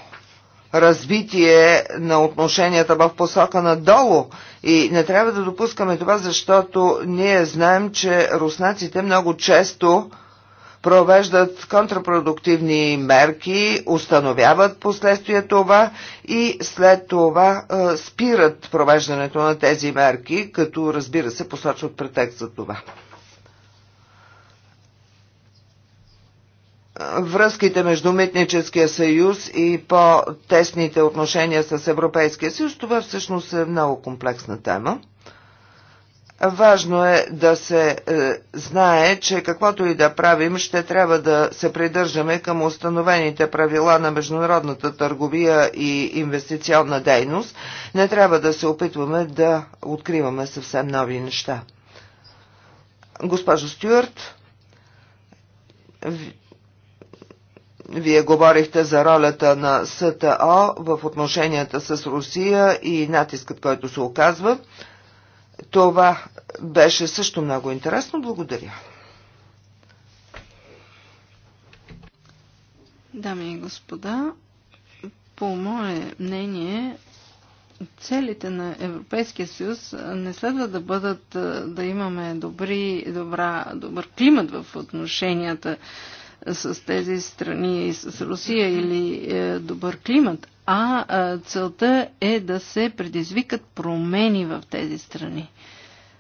развитие на отношенията в посока надолу и не трябва да допускаме това, защото ние знаем, че руснаците много често провеждат контрапродуктивни мерки, установяват последствия това и след това е, спират провеждането на тези мерки, като разбира се посочват претекст за това. връзките между Митническия съюз и по-тесните отношения с Европейския съюз, това всъщност е много комплексна тема. Важно е да се е, знае, че каквото и да правим, ще трябва да се придържаме към установените правила на международната търговия и инвестиционна дейност. Не трябва да се опитваме да откриваме съвсем нови неща. Госпожо Стюарт, вие говорихте за ролята на СТО в отношенията с Русия и натискът, който се оказва. Това беше също много интересно. Благодаря. Дами и господа, по мое мнение, целите на Европейския съюз не следва да бъдат да имаме добри, добра, добър климат в отношенията с тези страни и с Русия или е, добър климат, а е, целта е да се предизвикат промени в тези страни.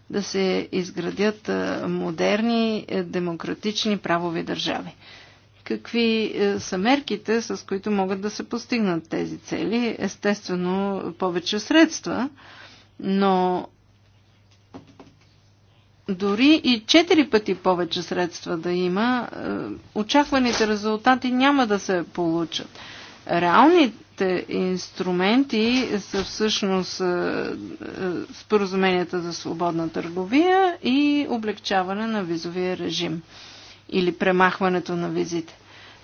Да се изградят е, модерни, е, демократични правови държави. Какви е, са мерките, с които могат да се постигнат тези цели? Естествено, повече средства, но дори и четири пъти повече средства да има, е, очакваните резултати няма да се получат. Реалните инструменти са всъщност е, е, споразуменията за свободна търговия и облегчаване на визовия режим или премахването на визите.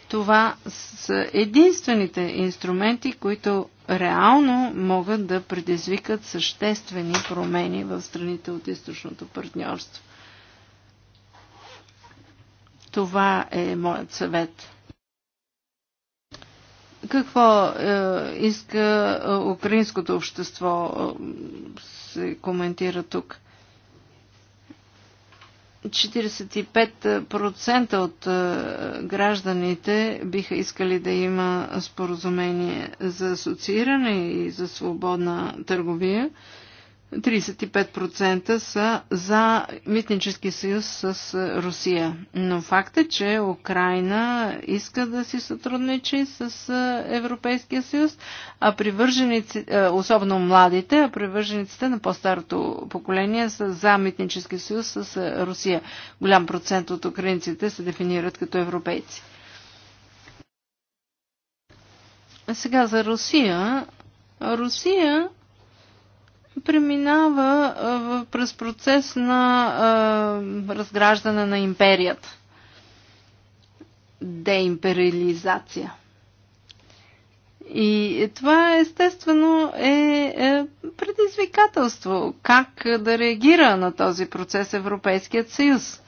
Това са единствените инструменти, които реално могат да предизвикат съществени промени в страните от източното партньорство. Това е моят съвет. Какво е, иска е, украинското общество, е, се коментира тук. 45% от е, гражданите биха искали да има споразумение за асоцииране и за свободна търговия 35% са за митнически съюз с Русия. Но факт е, че Украина иска да си сътрудничи с Европейския съюз, а привърженици, особено младите, а привържениците на по-старото поколение са за митнически съюз с Русия. Голям процент от украинците се дефинират като европейци. Сега за Русия. Русия преминава а, през процес на а, разграждане на империята. Деимпериализация. И това естествено е, е предизвикателство. Как да реагира на този процес Европейският съюз?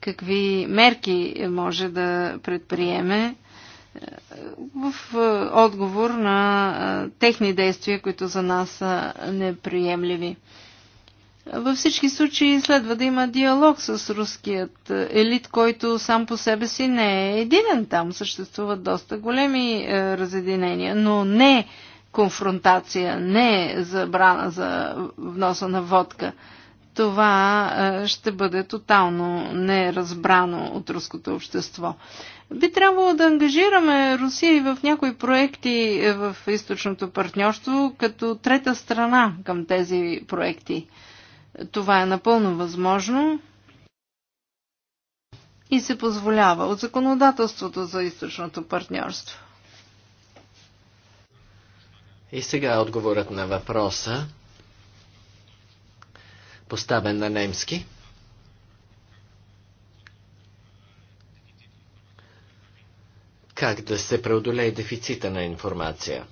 Какви мерки може да предприеме? в е, отговор на е, техни действия, които за нас са неприемливи. Във всички случаи следва да има диалог с руският елит, който сам по себе си не е единен. Там съществуват доста големи е, разединения, но не конфронтация, не забрана за вноса на водка. Това ще бъде тотално неразбрано от руското общество. Би трябвало да ангажираме Русия и в някои проекти е, в източното партньорство като трета страна към тези проекти. Това е напълно възможно и се позволява от законодателството за източното партньорство. И сега отговорът на въпроса, поставен на немски. как да се преодолее дефицита на информация.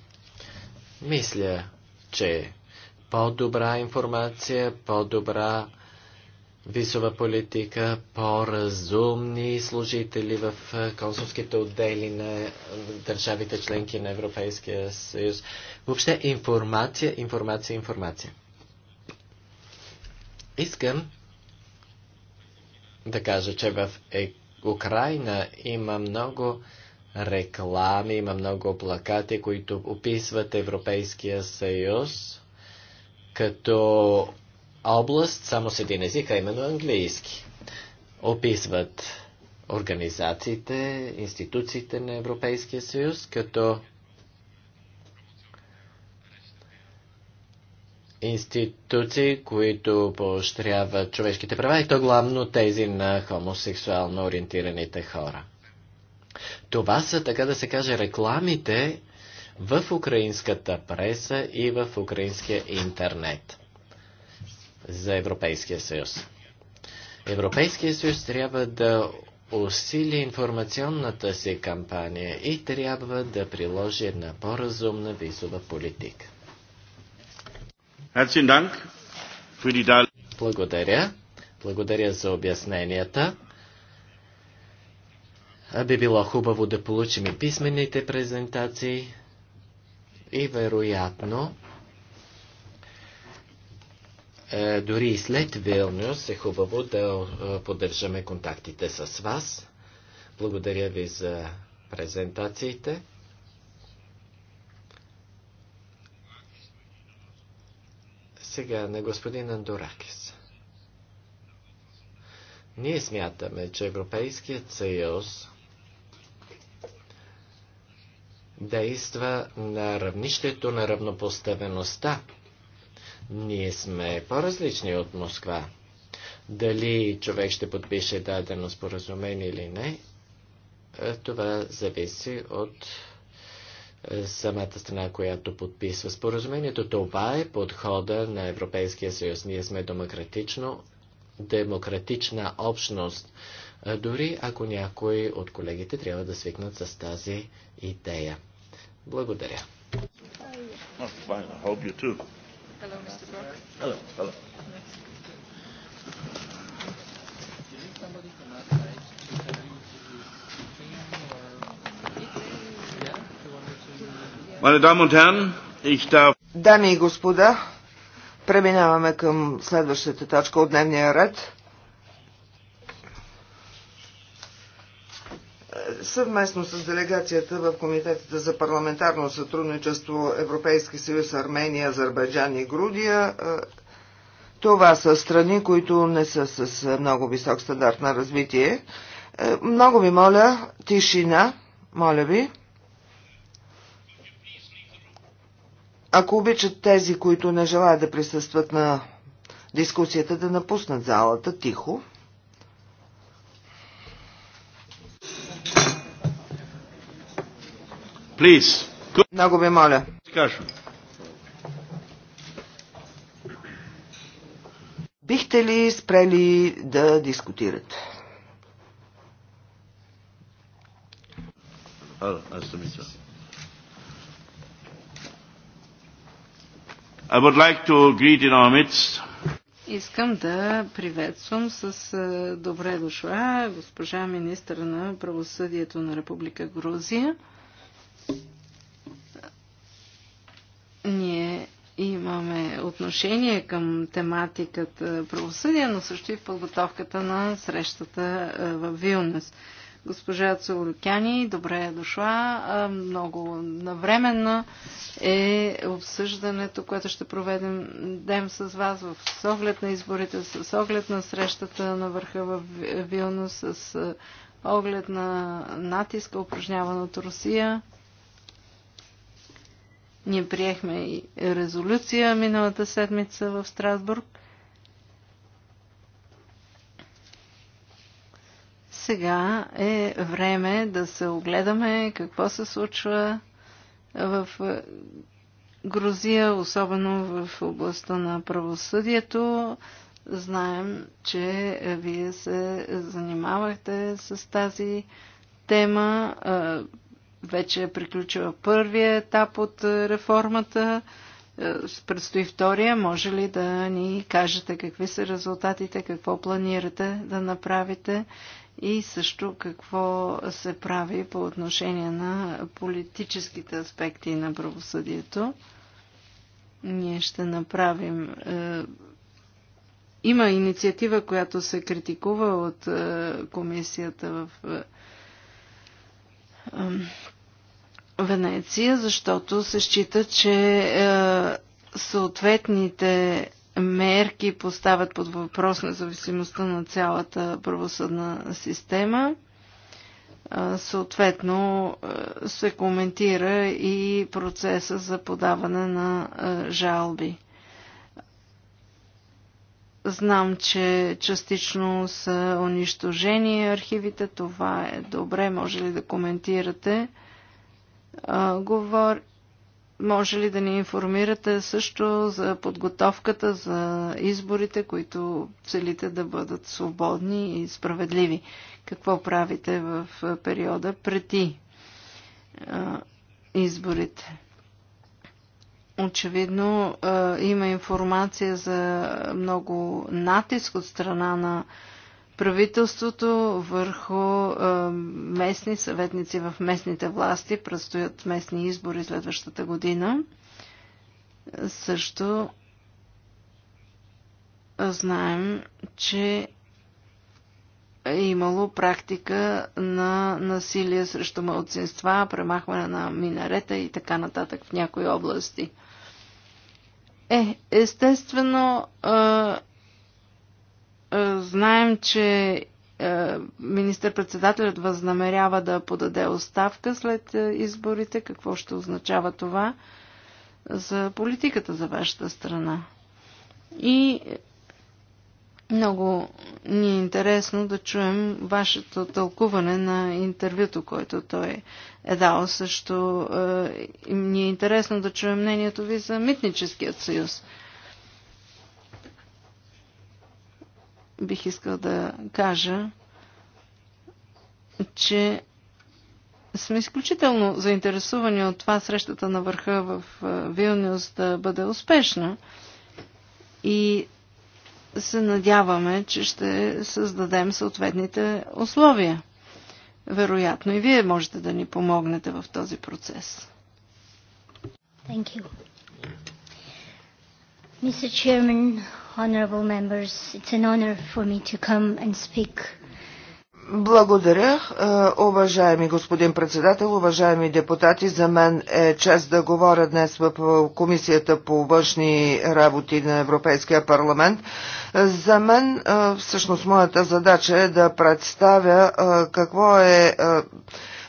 Мисля, че по-добра информация, по-добра висова политика, по-разумни служители в консулските отдели на държавите членки на Европейския съюз. Въобще информация, информация, информация. Искам да кажа, че в е- Украина има много реклами, има много плакати, които описват Европейския съюз като област само с един език, а именно английски. Описват организациите, институциите на Европейския съюз като институции, които поощряват човешките права и то главно тези на хомосексуално ориентираните хора. Това са, така да се каже, рекламите в украинската преса и в украинския интернет за Европейския съюз. Европейския съюз трябва да усили информационната си кампания и трябва да приложи една по-разумна визова политика. Благодаря. Благодаря за обясненията. Би било хубаво да получим и писмените презентации и вероятно е, дори и след Вилнюс е хубаво да е, поддържаме контактите с вас. Благодаря ви за презентациите. Сега на господин Андоракис. Ние смятаме, че Европейският съюз действа на равнището на равнопоставеността. Ние сме по-различни от Москва. Дали човек ще подпише дадено споразумение или не, е, това зависи от е, самата страна, която подписва споразумението. Това е подхода на Европейския съюз. Ние сме демократично, демократична общност дори ако някои от колегите трябва да свикнат с тази идея. Благодаря. Дами и господа, преминаваме към следващата точка от дневния ред. съвместно с делегацията в Комитетата за парламентарно сътрудничество Европейски съюз, Армения, Азербайджан и Грудия. Е, това са страни, които не са с много висок стандарт на развитие. Е, много ви моля, тишина, моля ви. Ако обичат тези, които не желаят да присъстват на дискусията, да напуснат залата тихо. Please. Много ви моля. Бихте ли спрели да дискутирате? I would like to greet in our midst. Искам да приветствам с добре дошла госпожа министра на правосъдието на Република Грузия. Ние имаме отношение към тематиката правосъдие, но също и в подготовката на срещата е, в Вилнес. Госпожа Цулукяни, добре е дошла. Е, много навременно е обсъждането, което ще проведем ден с вас в оглед на изборите, с оглед на срещата на върха в Вилнус, с е, оглед на натиска, упражняваното Русия. Ние приехме и резолюция миналата седмица в Страсбург. Сега е време да се огледаме какво се случва в Грузия, особено в областта на правосъдието. Знаем, че вие се занимавахте с тази тема. Вече е приключила първия етап от е, реформата. Е, предстои втория. Може ли да ни кажете какви са резултатите, какво планирате да направите и също какво се прави по отношение на политическите аспекти на правосъдието? Ние ще направим е, има инициатива, която се критикува от комисията в Венеция, защото се счита, че е, съответните мерки поставят под въпрос независимостта на цялата правосъдна система. Е, съответно е, се коментира и процеса за подаване на е, жалби. Знам, че частично са унищожени архивите. Това е добре. Може ли да коментирате? говор... Може ли да ни информирате също за подготовката за изборите, които целите да бъдат свободни и справедливи? Какво правите в периода преди а, изборите? Очевидно а, има информация за много натиск от страна на а, правителството върху местни съветници в местните власти. Предстоят местни избори следващата година. Също знаем, че е имало практика на насилие срещу мълцинства, премахване на минарета и така нататък в някои области. Е, естествено, е, знаем, че е, министър-председателят възнамерява да подаде оставка след е, изборите. Какво ще означава това за политиката за вашата страна? И много ни е интересно да чуем вашето тълкуване на интервюто, което той е дал. Също е, ни е интересно да чуем мнението ви за Митническият съюз. бих искал да кажа, че сме изключително заинтересувани от това срещата на върха в Вилнюс да бъде успешна и се надяваме, че ще създадем съответните условия. Вероятно и вие можете да ни помогнете в този процес. Thank you. Mr. Chairman, honorable members, it's an honor for me to come and speak. Благодаря, уважаеми господин председател, уважаеми депутати. За мен е чест да говоря днес в Комисията по външни работи на Европейския парламент. За мен, всъщност, моята задача е да представя какво е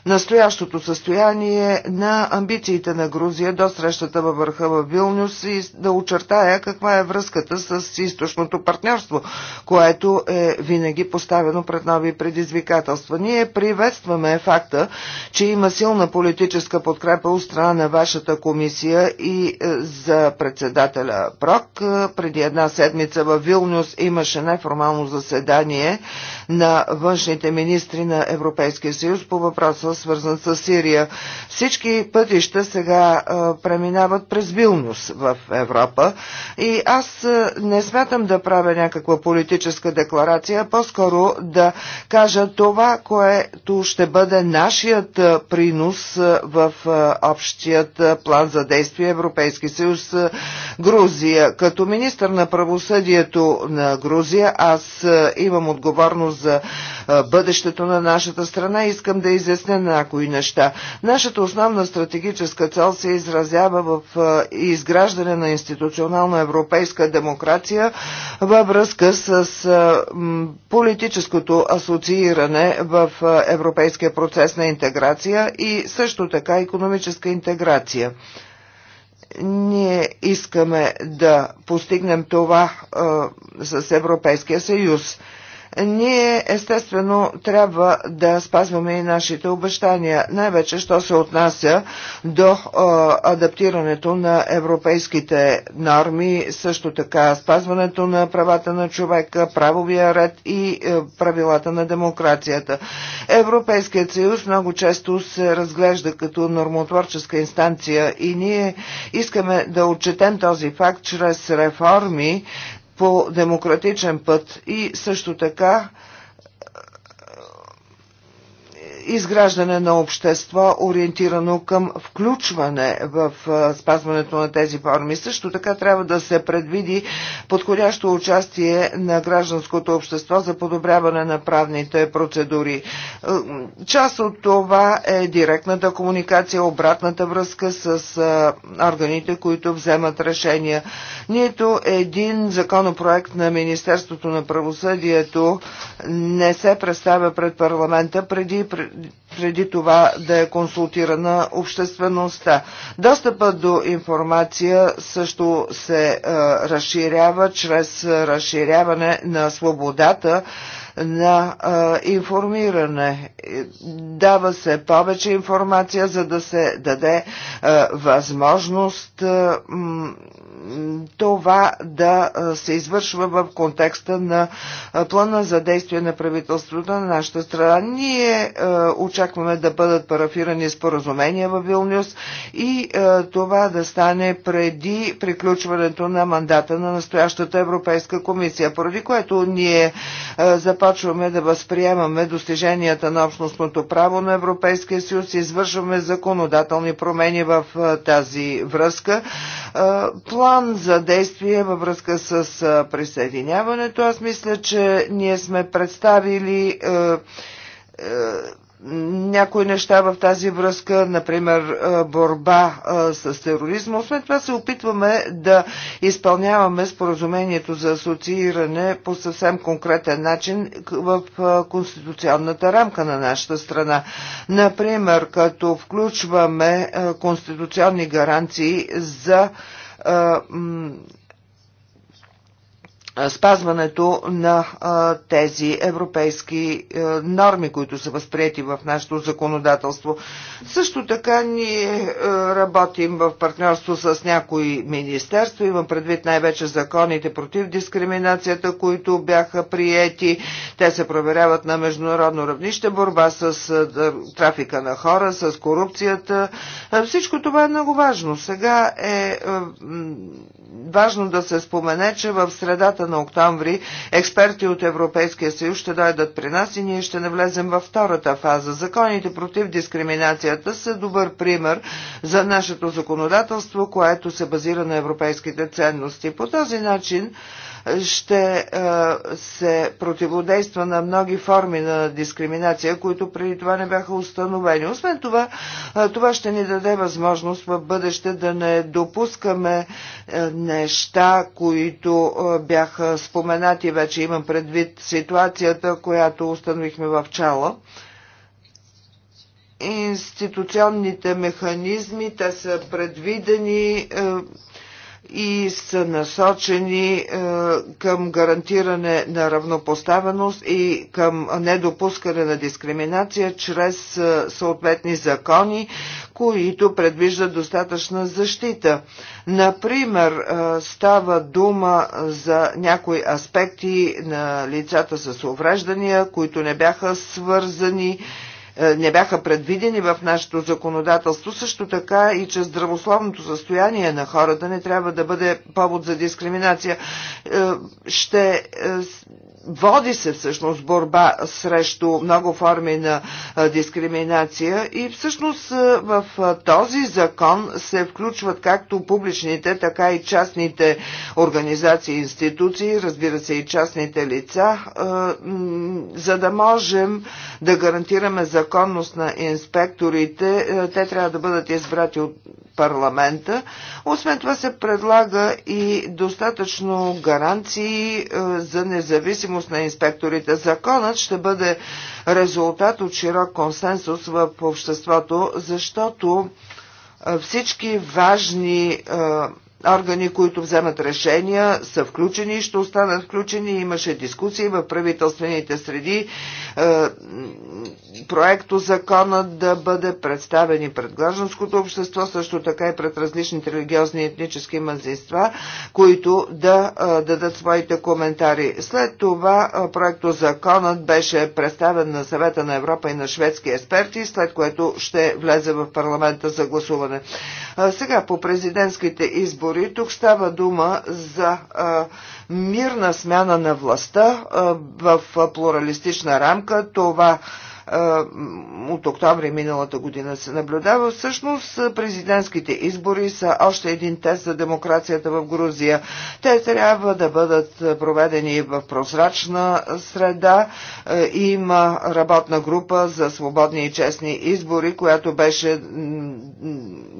настоящото състояние на амбициите на Грузия до срещата във върха в Вилнюс и да очертая каква е връзката с източното партньорство, което е винаги поставено пред нови предизвикателства. Ние приветстваме факта, че има силна политическа подкрепа от страна на вашата комисия и е, за председателя Прок. Е, преди една седмица в Вилнюс имаше неформално заседание на външните министри на Европейския съюз по въпроса свързан с Сирия. Всички пътища сега преминават през Вилнюс в Европа и аз не смятам да правя някаква политическа декларация, по-скоро да кажа това, което ще бъде нашият принос в общият план за действие Европейски съюз Грузия. Като министр на правосъдието на Грузия, аз имам отговорност за бъдещето на нашата страна. Искам да изясня на някои неща. Нашата основна стратегическа цел се изразява в изграждане на институционална европейска демокрация във връзка с политическото асоцииране в европейския процес на интеграция и също така економическа интеграция ние искаме да постигнем това а, с Европейския съюз. Ние естествено трябва да спазваме и нашите обещания, най-вече що се отнася до адаптирането на европейските норми, също така спазването на правата на човека, правовия ред и е, правилата на демокрацията. Европейският съюз много често се разглежда като нормотворческа инстанция и ние искаме да отчетем този факт чрез реформи, по демократичен път и също така изграждане на общество, ориентирано към включване в спазването на тези форми. Също така трябва да се предвиди подходящо участие на гражданското общество за подобряване на правните процедури. Е, част от това е директната комуникация, обратната връзка с органите, които вземат решения. Нито един законопроект на Министерството на правосъдието не се представя пред парламента преди преди това да е консултирана обществеността. Достъпа до информация също се разширява чрез разширяване на свободата на а, информиране. Дава се повече информация, за да се даде а, възможност а, това да се извършва в контекста на плана за действие на правителството на нашата страна. Ние очакваме да бъдат парафирани споразумения в Вилнюс и това да стане преди приключването на мандата на настоящата Европейска комисия, поради което ние започваме започваме да възприемаме достиженията на общностното право на Европейския съюз, извършваме законодателни промени в тази връзка. План за действие във връзка с присъединяването, аз мисля, че ние сме представили някои неща в тази връзка, например борба с тероризма. Освен това се опитваме да изпълняваме споразумението за асоцииране по съвсем конкретен начин в конституционната рамка на нашата страна. Например, като включваме конституционни гаранции за спазването на а, тези европейски а, норми, които са възприяти в нашето законодателство. Също така ние а, работим в партньорство с някои министерства, имам предвид най-вече законите против дискриминацията, които бяха приети. Те се проверяват на международно равнище, борба с а, трафика на хора, с корупцията. А, всичко това е много важно. Сега е а, важно да се спомене, че в средата на октомври експерти от Европейския съюз ще дойдат при нас и ние ще навлезем във втората фаза. Законите против дискриминацията са добър пример за нашето законодателство, което се базира на европейските ценности. По този начин ще се противодейства на много форми на дискриминация, които преди това не бяха установени. Освен това, това ще ни даде възможност в бъдеще да не допускаме неща, които бяха споменати вече. Имам предвид ситуацията, която установихме в чала институционните механизми, те са предвидени и са насочени е, към гарантиране на равнопоставеност и към недопускане на дискриминация чрез е, съответни закони, които предвиждат достатъчна защита. Например, е, става дума за някои аспекти на лицата с увреждания, които не бяха свързани е, не бяха предвидени в нашето законодателство, също така и че здравословното състояние на хората не трябва да бъде повод за дискриминация. Е, ще е, води се всъщност борба срещу много форми на дискриминация и всъщност в този закон се включват както публичните, така и частните организации и институции, разбира се и частните лица, за да можем да гарантираме законност на инспекторите, те трябва да бъдат избрати от парламента. Освен това се предлага и достатъчно гаранции за независимост независимост на инспекторите. Законът ще бъде резултат от широк консенсус в обществото, защото всички важни органи, които вземат решения, са включени и ще останат включени. Имаше дискусии в правителствените среди проекто закона да бъде представен и пред гражданското общество, също така и пред различните религиозни и етнически мазиства, които да дадат своите коментари. След това проекто законът беше представен на съвета на Европа и на шведски експерти, след което ще влезе в парламента за гласуване. Сега по президентските избори тук става дума за мирна смяна на властта в плуралистична рамка. Това от октомври миналата година се наблюдава. Всъщност президентските избори са още един тест за демокрацията в Грузия. Те трябва да бъдат проведени в прозрачна среда. Има работна група за свободни и честни избори, която беше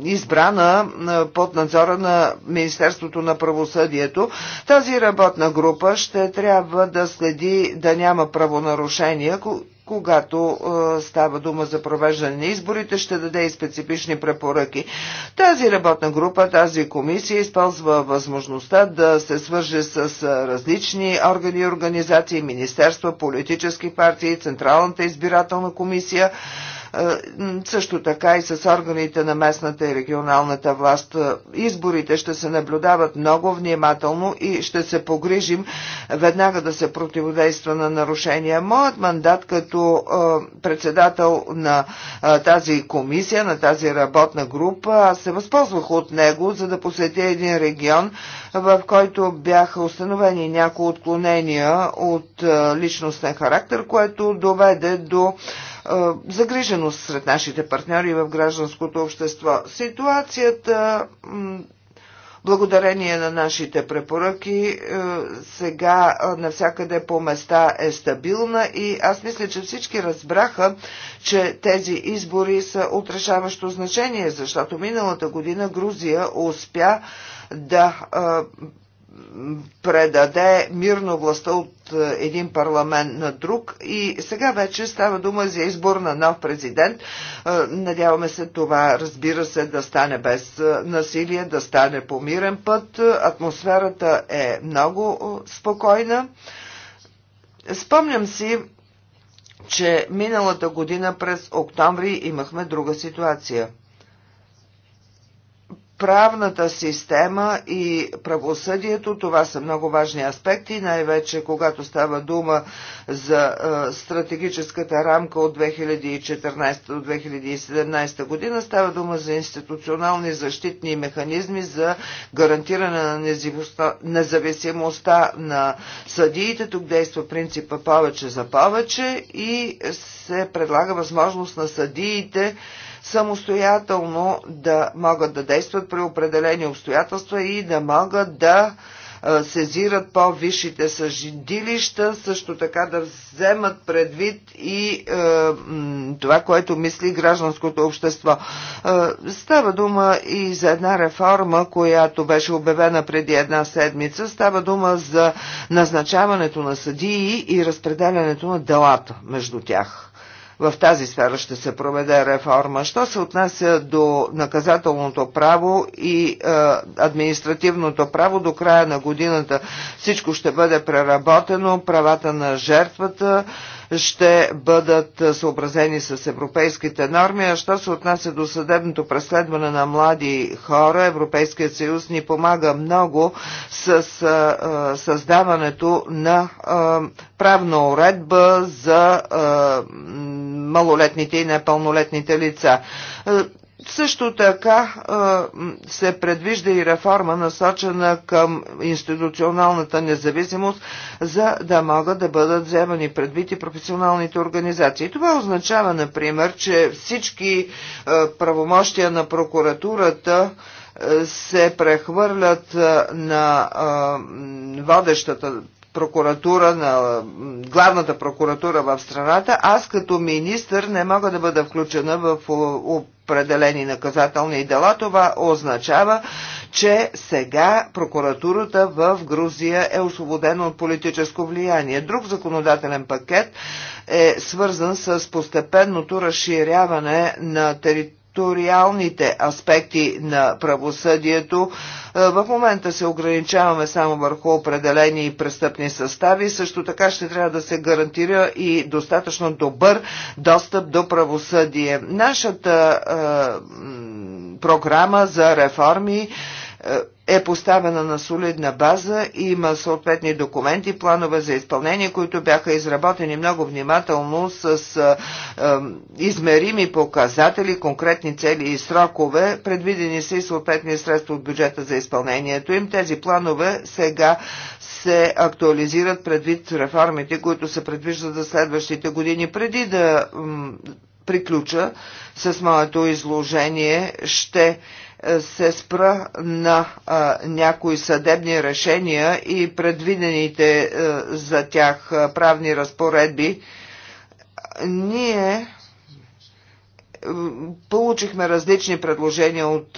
избрана под надзора на Министерството на правосъдието. Тази работна група ще трябва да следи да няма правонарушения, когато е, става дума за провеждане на изборите, ще даде и специфични препоръки. Тази работна група, тази комисия използва възможността да се свърже с различни органи и организации, министерства, политически партии, Централната избирателна комисия, е, също така и с органите на местната и регионалната власт. Е, изборите ще се наблюдават много внимателно и ще се погрижим веднага да се противодейства на нарушения. Моят мандат като е, председател на тази комисия, на тази работна група, аз се възползвах от него, за да посетя един регион, в който бяха установени някои отклонения от личностен характер, което доведе до загриженост сред нашите партньори в гражданското общество. Ситуацията благодарение на нашите препоръки, е, сега навсякъде по места е стабилна и аз мисля, че всички разбраха, че тези избори са отрешаващо значение, защото миналата година Грузия успя да предаде мирно властта от е, един парламент на друг и сега вече става дума за избор на нов президент. Е, надяваме се това, разбира се, да стане без е, насилие, да стане по мирен път. Атмосферата е много спокойна. Спомням си, че миналата година през октомври имахме друга ситуация – правната система и правосъдието, това са много важни аспекти, най-вече когато става дума за стратегическата рамка от 2014 до 2017 година, става дума за институционални защитни механизми за гарантиране на независимостта на съдиите. Тук действа принципа повече за повече и се предлага възможност на съдиите самостоятелно да могат да действат при определени обстоятелства и да могат да сезират по-висшите съжидилища, също така да вземат предвид и е, това, което мисли гражданското общество. Е, става дума и за една реформа, която беше обявена преди една седмица. Става дума за назначаването на съдии и разпределянето на делата между тях в тази сфера ще се проведе реформа. Що се отнася до наказателното право и е, административното право до края на годината, всичко ще бъде преработено, правата на жертвата, ще бъдат съобразени с европейските норми, а що се отнася до съдебното преследване на млади хора, Европейският съюз ни помага много с създаването на правна уредба за малолетните и непълнолетните лица. Също така се предвижда и реформа насочена към институционалната независимост, за да могат да бъдат вземани предвид и професионалните организации. Това означава, например, че всички правомощия на прокуратурата се прехвърлят на водещата прокуратура, на главната прокуратура в страната, аз като министър не мога да бъда включена в определени наказателни дела, това означава, че сега прокуратурата в Грузия е освободена от политическо влияние. Друг законодателен пакет е свързан с постепенното разширяване на територията териториалните аспекти на правосъдието. Е, в момента се ограничаваме само върху определени престъпни състави. Също така ще трябва да се гарантира и достатъчно добър достъп до правосъдие. Нашата е, програма за реформи е, е поставена на солидна база и има съответни документи, планове за изпълнение, които бяха изработени много внимателно с е, измерими показатели, конкретни цели и срокове. Предвидени са и съответни средства от бюджета за изпълнението им. Тези планове сега се актуализират предвид реформите, които се предвиждат за следващите години. Преди да приключа с моето изложение, ще се спра на а, някои съдебни решения и предвидените а, е, за тях а, е, правни разпоредби, ние е, получихме различни предложения от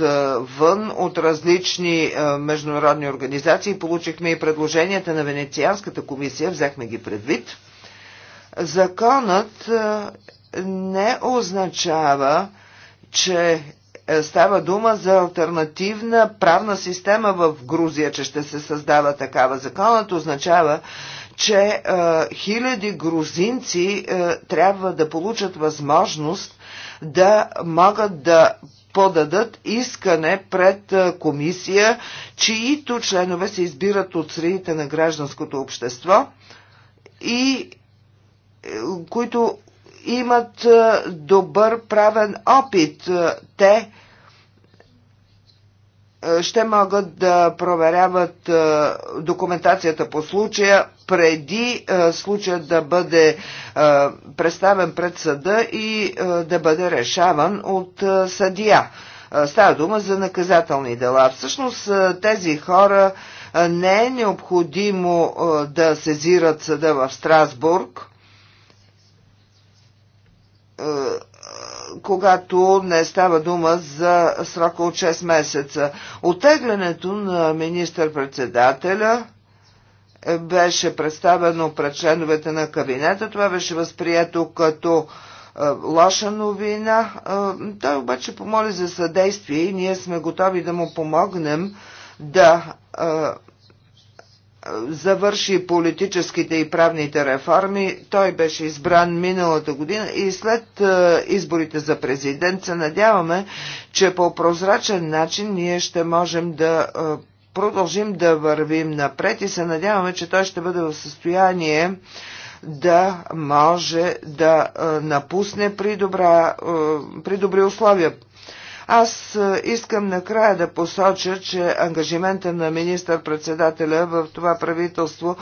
вън, от различни международни организации, получихме и предложенията на Венецианската комисия, взехме ги предвид. Законът не означава, че е, става дума за альтернативна правна система в Грузия, че ще се създава такава. Законът означава, че е, хиляди грузинци е, трябва да получат възможност да могат да подадат искане пред е, комисия, чието членове се избират от средите на гражданското общество и е, които имат добър правен опит. Те ще могат да проверяват е, документацията по случая преди е, случая да бъде е, представен пред съда и да бъде решаван от съдия. Става дума за наказателни дела. Всъщност тези хора не е необходимо да сезират съда в Страсбург когато не става дума за срока от 6 месеца. Отеглянето на министър-председателя беше представено пред членовете на кабинета. Това беше възприето като е, лоша новина. Е, той обаче помоли за съдействие и ние сме готови да му помогнем да е, завърши политическите и правните реформи. Той беше избран миналата година и след е, изборите за президент се надяваме, че по прозрачен начин ние ще можем да е, продължим да вървим напред и се надяваме, че той ще бъде в състояние да може да е, напусне при, добра, при добри условия аз е, искам накрая да посоча, че ангажимента на министър-председателя в това правителство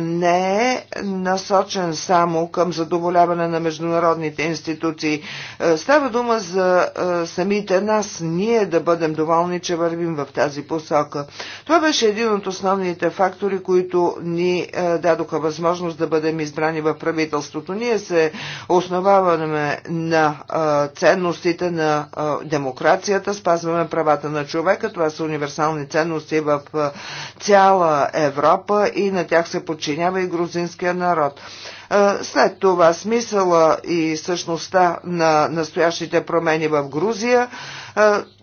не е насочен само към задоволяване на международните институции. Е, става дума за е, самите нас, ние да бъдем доволни, че вървим в тази посока. Това беше един от основните фактори, които ни дадоха възможност да бъдем избрани в правителството. Ние се основаваме на ценностите на демокрация демокрацията, спазваме правата на човека. Това са универсални ценности в цяла Европа и на тях се подчинява и грузинския народ. След това смисъла и същността на настоящите промени в Грузия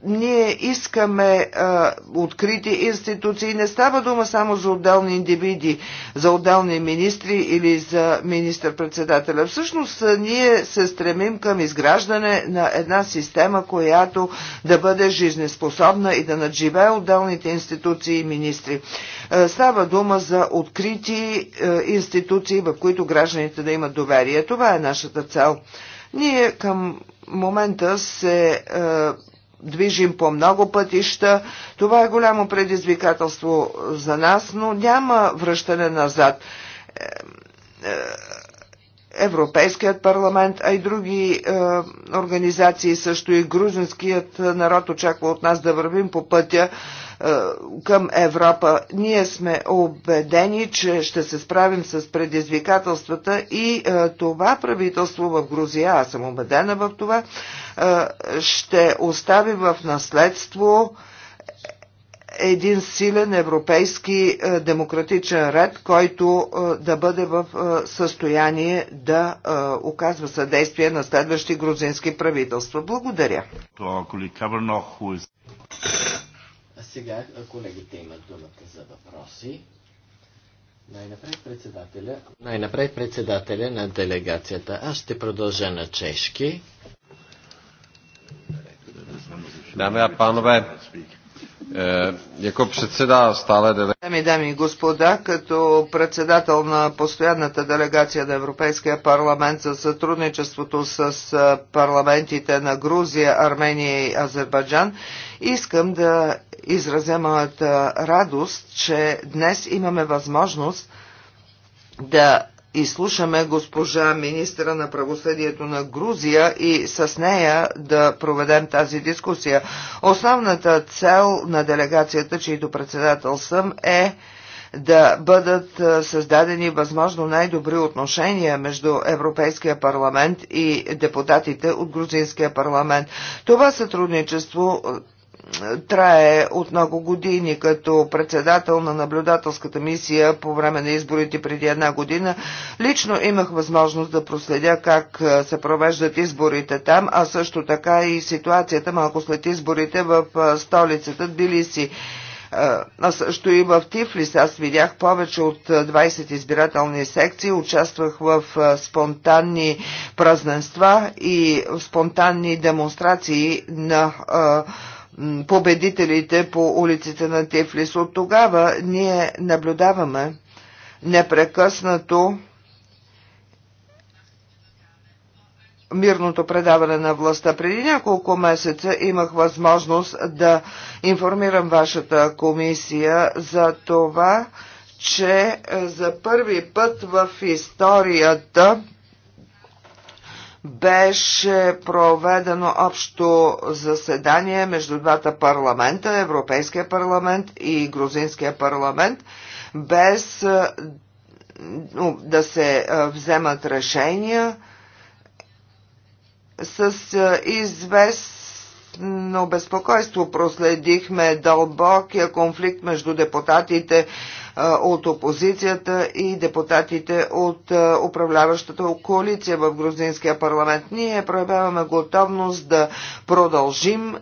ние искаме а, открити институции. Не става дума само за отделни индивиди, за отделни министри или за министър-председателя. Всъщност ние се стремим към изграждане на една система, която да бъде жизнеспособна и да надживее отделните институции и министри. А, става дума за открити а, институции, в които гражданите да имат доверие. Това е нашата цел. Ние към момента се движим по много пътища. Това е голямо предизвикателство за нас, но няма връщане назад е, е, Европейският парламент, а и други е, организации, също и грузинският народ очаква от нас да вървим по пътя е, към Европа. Ние сме убедени, че ще се справим с предизвикателствата и е, това правителство в Грузия, аз съм убедена в това, е, ще остави в наследство е, един силен европейски е, демократичен ред, който е, да бъде в е, състояние да оказва съдействие на следващи грузински правителства. Благодаря. А сега колегите имат думата за въпроси. Най-напред председателя, най председателя на делегацията. Аз ще продължа на чешки. Даме, а панове, Jako předseda делегация. Дами, дами и господа, като председател на постоянната делегация на Европейския парламент за сътрудничеството с е, парламентите на Грузия, Армения и Азербайджан, искам да изразя моята радост, че днес имаме възможност да изслушаме госпожа министра на правосъдието на Грузия и с нея да проведем тази дискусия. Основната цел на делегацията, чието председател съм, е да бъдат създадени възможно най-добри отношения между Европейския парламент и депутатите от Грузинския парламент. Това сътрудничество трае от много години като председател на наблюдателската мисия по време на изборите преди една година. Лично имах възможност да проследя как се провеждат изборите там, а също така и ситуацията малко след изборите в столицата Тбилиси а също и в Тифлис. Аз видях повече от 20 избирателни секции, участвах в спонтанни празненства и спонтанни демонстрации на а, победителите по улиците на Тифлис. От тогава ние наблюдаваме непрекъснато мирното предаване на властта. Преди няколко месеца имах възможност да информирам вашата комисия за това, че е, за първи път в историята беше проведено общо заседание между двата парламента, Европейския парламент и Грузинския парламент, без да се вземат решения с известно безпокойство проследихме дълбокия конфликт между депутатите от опозицията и депутатите от управляващата коалиция в грузинския парламент. Ние проявяваме готовност да продължим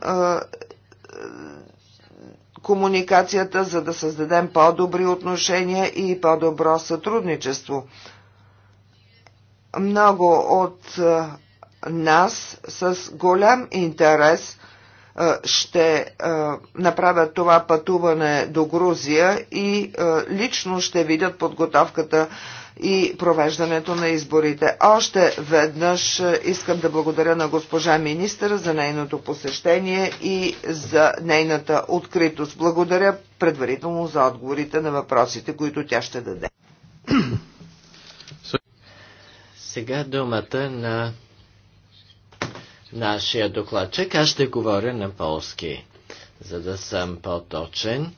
комуникацията, за да създадем по-добри отношения и по-добро сътрудничество. Много от нас с голям интерес ще направят това пътуване до Грузия и лично ще видят подготовката и провеждането на изборите. Още веднъж искам да благодаря на госпожа министър за нейното посещение и за нейната откритост. Благодаря предварително за отговорите на въпросите, които тя ще даде. Сега думата на нашия докладчик. Аз ще говоря на полски, за да съм по-точен.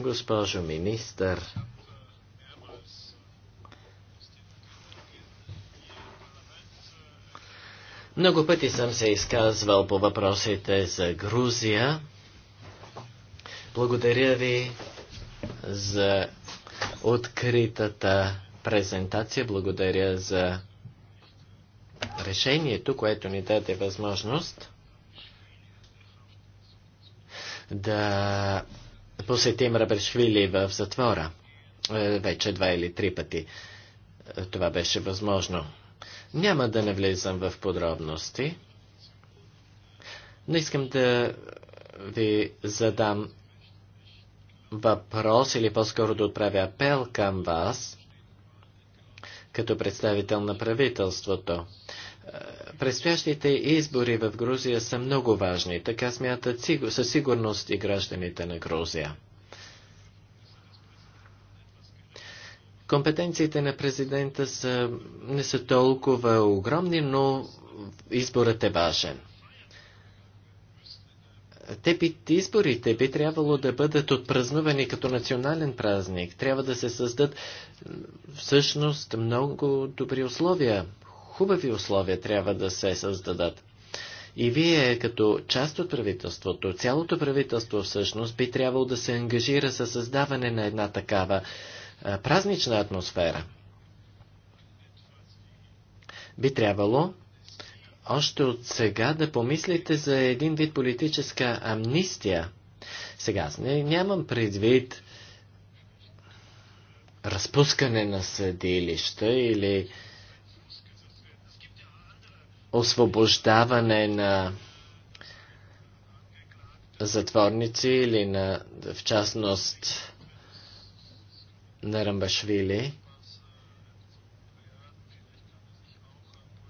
Госпожо министър, много пъти съм се изказвал по въпросите за Грузия. Благодаря ви за откритата презентация. Благодаря за решението, което ни даде възможност да посетим Рабешвили в затвора е, вече два или три пъти. Е, това беше възможно. Няма да не влизам в подробности, но искам да ви задам въпрос или по-скоро да отправя апел към вас като представител на правителството. Предстоящите избори в Грузия са много важни, така смятат със сигурност и гражданите на Грузия. Компетенциите на президента са, не са толкова огромни, но изборът е важен. Те би, изборите би трябвало да бъдат отпразнувани като национален празник. Трябва да се създадат всъщност много добри условия хубави условия трябва да се създадат. И вие, като част от правителството, цялото правителство всъщност би трябвало да се ангажира със създаване на една такава а, празнична атмосфера. Би трябвало още от сега да помислите за един вид политическа амнистия. Сега аз не, нямам предвид разпускане на съдилища или освобождаване на затворници или на, в частност на Рамбашвили,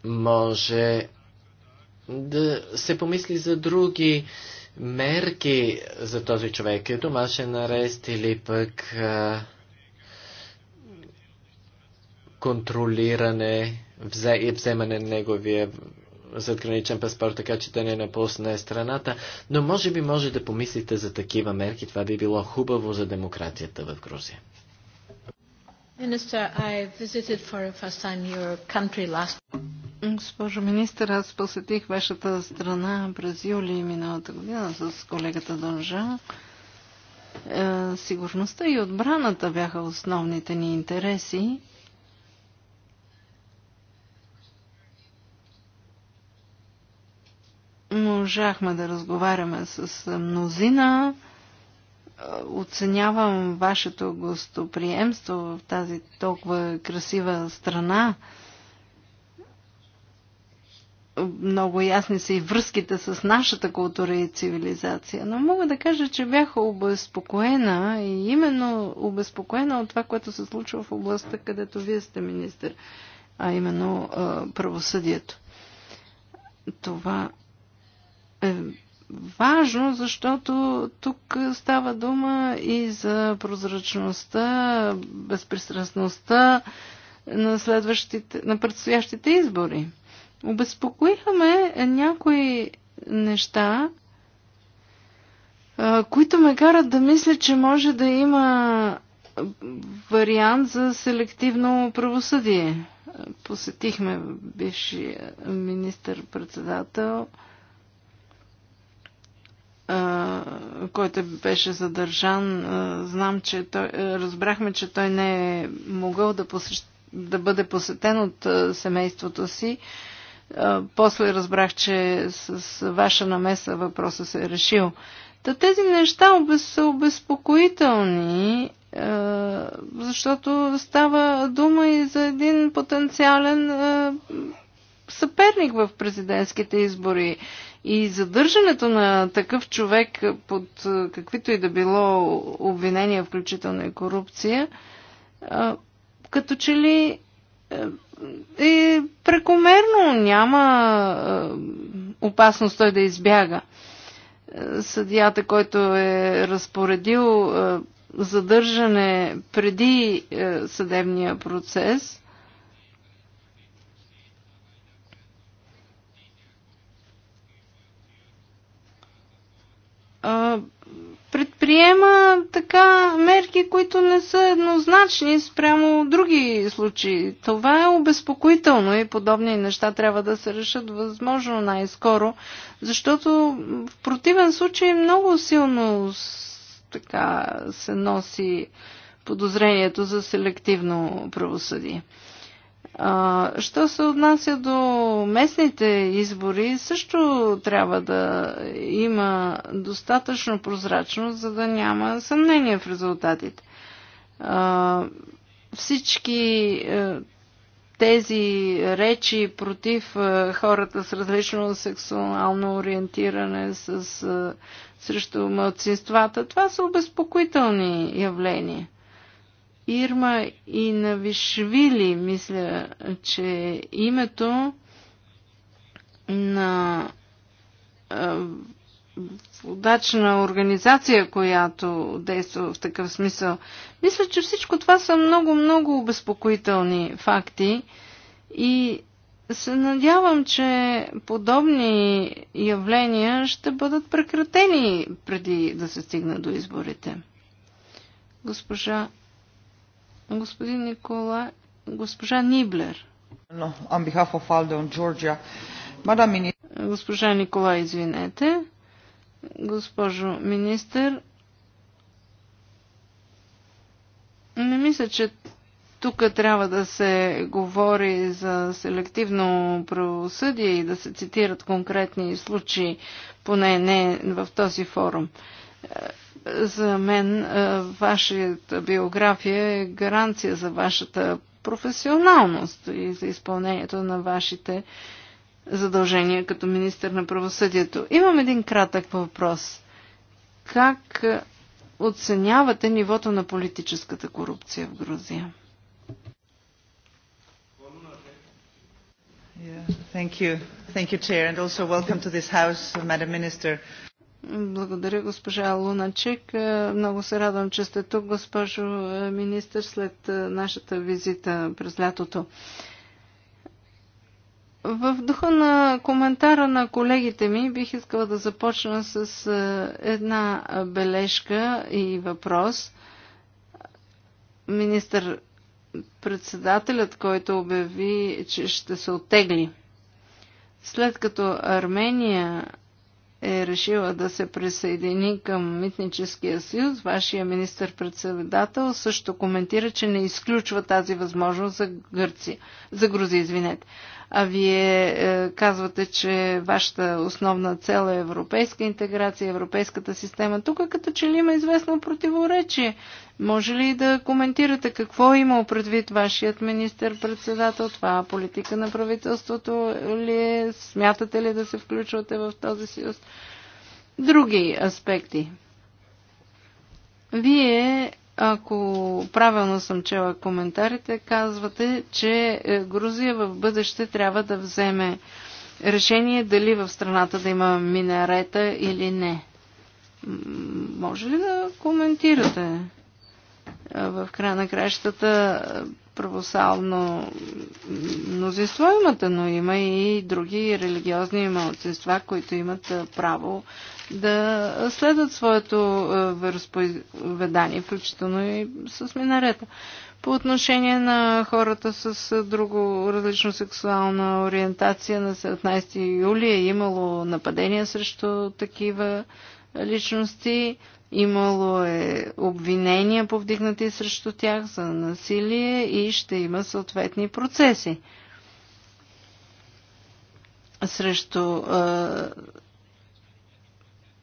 може да се помисли за други мерки за този човек. Домашен арест или пък а, контролиране взе и вземане на неговия задграничен паспорт, така че да не напусне страната. Но може би може да помислите за такива мерки. Това би било хубаво за демокрацията в Грузия. Minister, I visited for the first time your country last Госпожо министър, аз посетих вашата страна през юли миналата година с колегата Дължа. Е, сигурността и отбраната бяха основните ни интереси. можахме да разговаряме с мнозина. Оценявам вашето гостоприемство в тази толкова красива страна. Много ясни са и връзките с нашата култура и цивилизация, но мога да кажа, че бях обезпокоена и именно обезпокоена от това, което се случва в областта, където вие сте министр, а именно правосъдието това е важно, защото тук става дума и за прозрачността, безпристрастността на, следващите, на предстоящите избори. Обезпокоихаме някои неща, които ме карат да мисля, че може да има вариант за селективно правосъдие. Посетихме бивши министър-председател който беше задържан. Знам, че той, разбрахме, че той не е могъл да, посещ, да бъде посетен от семейството си. После разбрах, че с ваша намеса въпросът се е решил. Та тези неща са обезпокоителни, защото става дума и за един потенциален съперник в президентските избори. И задържането на такъв човек под каквито и да било обвинения, включително и корупция, като че ли е, е прекомерно, няма опасност той да избяга. Съдията, който е разпоредил задържане преди съдебния процес – предприема така мерки, които не са еднозначни спрямо други случаи. Това е обезпокоително и подобни неща трябва да се решат възможно най-скоро, защото в противен случай много силно така се носи подозрението за селективно правосъдие. Що се отнася до местните избори, също трябва да има достатъчно прозрачност, за да няма съмнение в резултатите. Всички е, тези речи против е, хората с различно сексуално ориентиране, с, е, срещу младсинствата, това са обезпокоителни явления – Ирма и Навишвили, мисля, че името на удачна организация, която действа в такъв смисъл. Мисля, че всичко това са много-много обезпокоителни факти и се надявам, че подобни явления ще бъдат прекратени преди да се стигне до изборите. Госпожа Господин Никола, госпожа Ниблер. On behalf of Georgia. Madam Minister. Госпожа Никола, извинете. Госпожо министър, не мисля, че тук трябва да се говори за селективно правосъдие и да се цитират конкретни случаи, поне не в този форум. За мен е, вашата биография е гаранция за вашата професионалност и за изпълнението на вашите задължения като министър на правосъдието. Имам един кратък въпрос. Как е, оценявате нивото на политическата корупция в Грузия? Yeah, thank you. Thank you, Chair, and also welcome to this House, Madam Minister. Благодаря, госпожа Луначек. Е, много се радвам, че сте тук, госпожо е, министър, след е, нашата визита през лятото. В духа на коментара на колегите ми бих искала да започна с една бележка и въпрос. Министър председателят, който обяви, че ще се отегли. След като Армения е решила да се присъедини към Митническия съюз, вашия министр-председател също коментира, че не изключва тази възможност за Гърция, за Грузия, извинете а вие е, казвате, че вашата основна цел е европейска интеграция, европейската система. Тук като че ли има известно противоречие. Може ли да коментирате какво е имал предвид вашият министр-председател? Това политика на правителството ли е? Смятате ли да се включвате в този съюз? Други аспекти. Вие ако правилно съм чела коментарите, казвате, че е, Грузия в бъдеще трябва да вземе решение дали в страната да има минарета или не. Може ли да коментирате е, в края на кращата е, православно мнозинство имате, но има и други религиозни малцинства, които имат право да следват своето е, вероисповедание, включително и с минарета. По отношение на хората с е, друго различно сексуална ориентация на 17 юли е имало нападения срещу такива личности, имало е обвинения повдигнати срещу тях за насилие и ще има съответни процеси срещу е,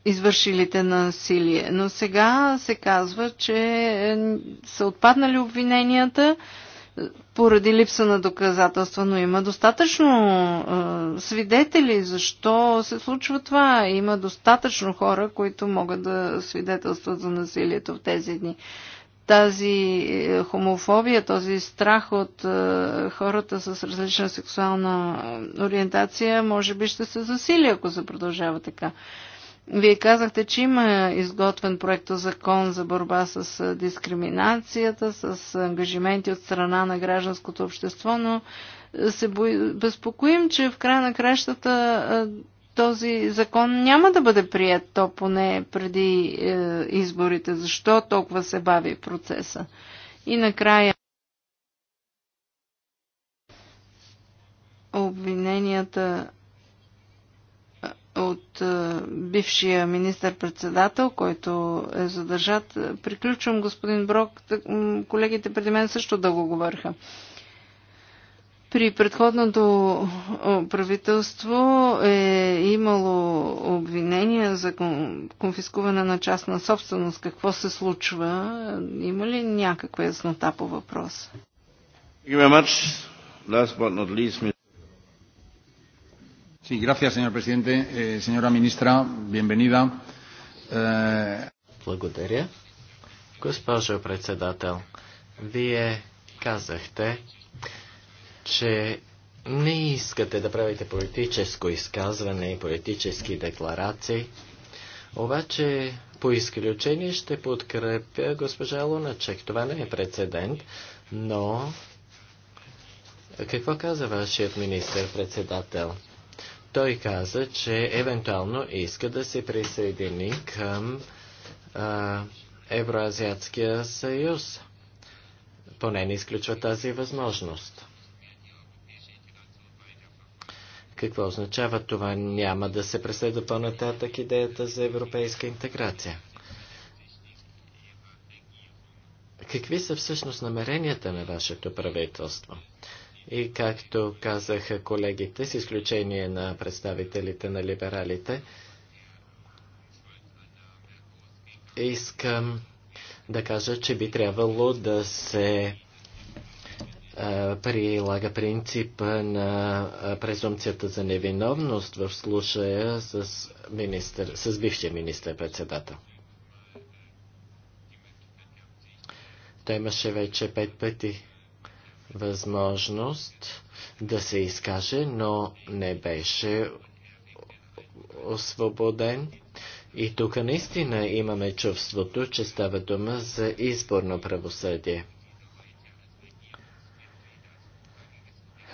извършилите насилие. Но сега се казва, че е, са отпаднали обвиненията е, поради липса на доказателства, но има достатъчно е, свидетели. Защо се случва това? Има достатъчно хора, които могат да свидетелстват за насилието в тези дни. Тази е, хомофобия, този страх от е, хората с различна сексуална ориентация, може би ще се засили, ако се продължава така. Е, вие казахте, че има изготвен проект закон за борба с дискриминацията, с ангажименти от страна на гражданското общество, но се безпокоим, че в края на кращата този закон няма да бъде прият, то поне преди е, изборите. Защо толкова се бави процеса? И накрая обвиненията от е, бившия министър-председател, който е задържат. Приключвам, господин Брок. Колегите преди мен също дълго говориха. При предходното правителство е имало обвинения за конфискуване на частна собственост. Какво се случва? Има ли някаква яснота по въпроса? Last but not least, Sí, gracias, señor presidente. Eh, señora ministra, bienvenida. Eh, Благодаря. Госпожо председател, вие казахте, че не искате да правите политическо изказване и политически декларации, обаче по изключение ще подкрепя госпожа Луначек. Това не е прецедент, но какво каза вашият министр-председател? Той каза, че евентуално иска да се присъедини към а, Евроазиатския съюз. Поне не изключва тази възможност. Какво означава това? Няма да се преследва по-нататък идеята за европейска интеграция. Какви са всъщност намеренията на вашето правителство? И както казаха колегите, с изключение на представителите на либералите, искам да кажа, че би трябвало да се прилага принципа на презумцията за невиновност в случая с, министър, с бившия министър-председател. Той имаше вече пет пъти възможност да се изкаже, но не беше освободен. И тук наистина имаме чувството, че става дума за изборно правосъдие.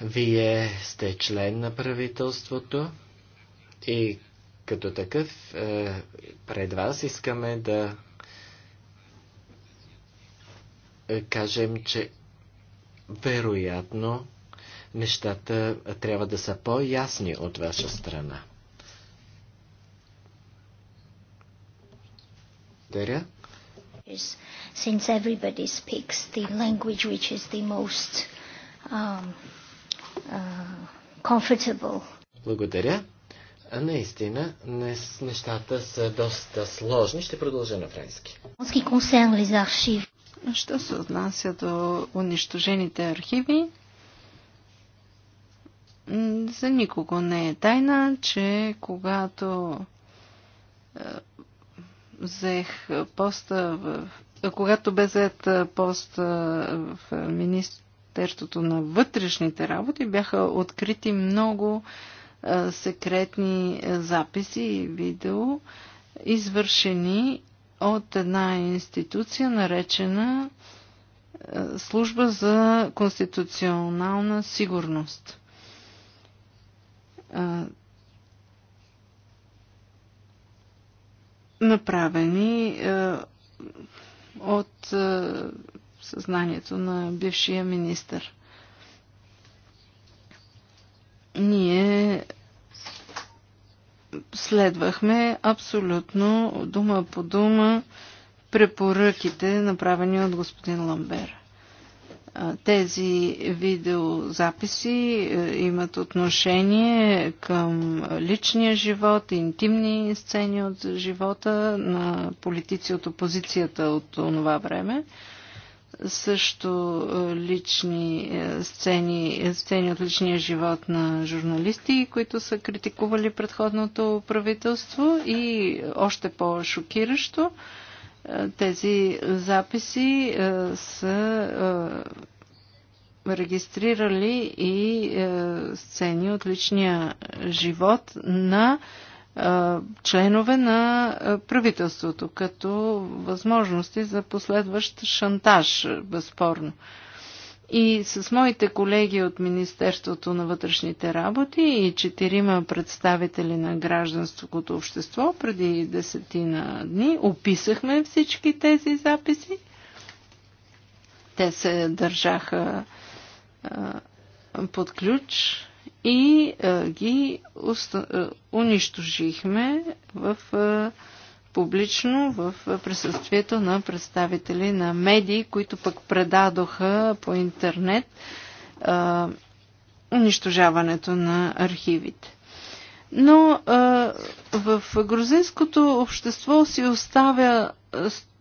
Вие сте член на правителството и като такъв е, пред вас искаме да кажем, че вероятно нещата трябва да са по-ясни от ваша страна. Благодаря. Since everybody speaks the language which is the most um, uh, comfortable. Благодаря. Наистина, нещата са доста сложни. Ще продължа на френски. Concerne les archives Що се отнася до унищожените архиви, за никого не е тайна, че когато е, взех поста в когато бе взет пост в Министерството на вътрешните работи, бяха открити много е, секретни записи и видео, извършени от една институция, наречена е, Служба за конституционална сигурност. Е, направени е, от съзнанието на бившия министър. Ние следвахме абсолютно дума по дума препоръките, направени от господин Ламбер. Тези видеозаписи е, имат отношение към личния живот, интимни сцени от живота на политици от опозицията от това време също е, лични е, сцени, е, сцени от личния живот на журналисти, които са критикували предходното правителство и още по-шокиращо тези записи са регистрирали и сцени от личния живот на членове на правителството, като възможности за последващ шантаж, безспорно. И с моите колеги от Министерството на вътрешните работи и четирима представители на гражданското общество преди десетина дни описахме всички тези записи. Те се държаха а, под ключ и а, е, ги уста, а, е, унищожихме в, а, е, публично в присъствието на представители на медии, които пък предадоха по интернет а, унищожаването на архивите. Но а, в грузинското общество си оставя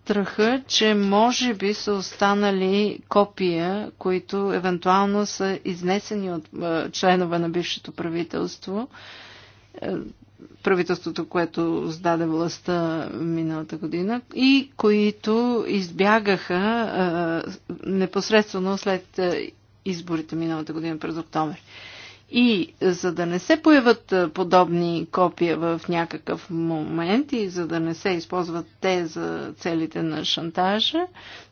страха, че може би са останали копия, които евентуално са изнесени от членове на бившето правителство, е, правителството, което сдаде властта миналата година, и които избягаха непосредствено след изборите миналата година през октомври. И за да не се появат подобни копия в някакъв момент и за да не се използват те за целите на шантажа,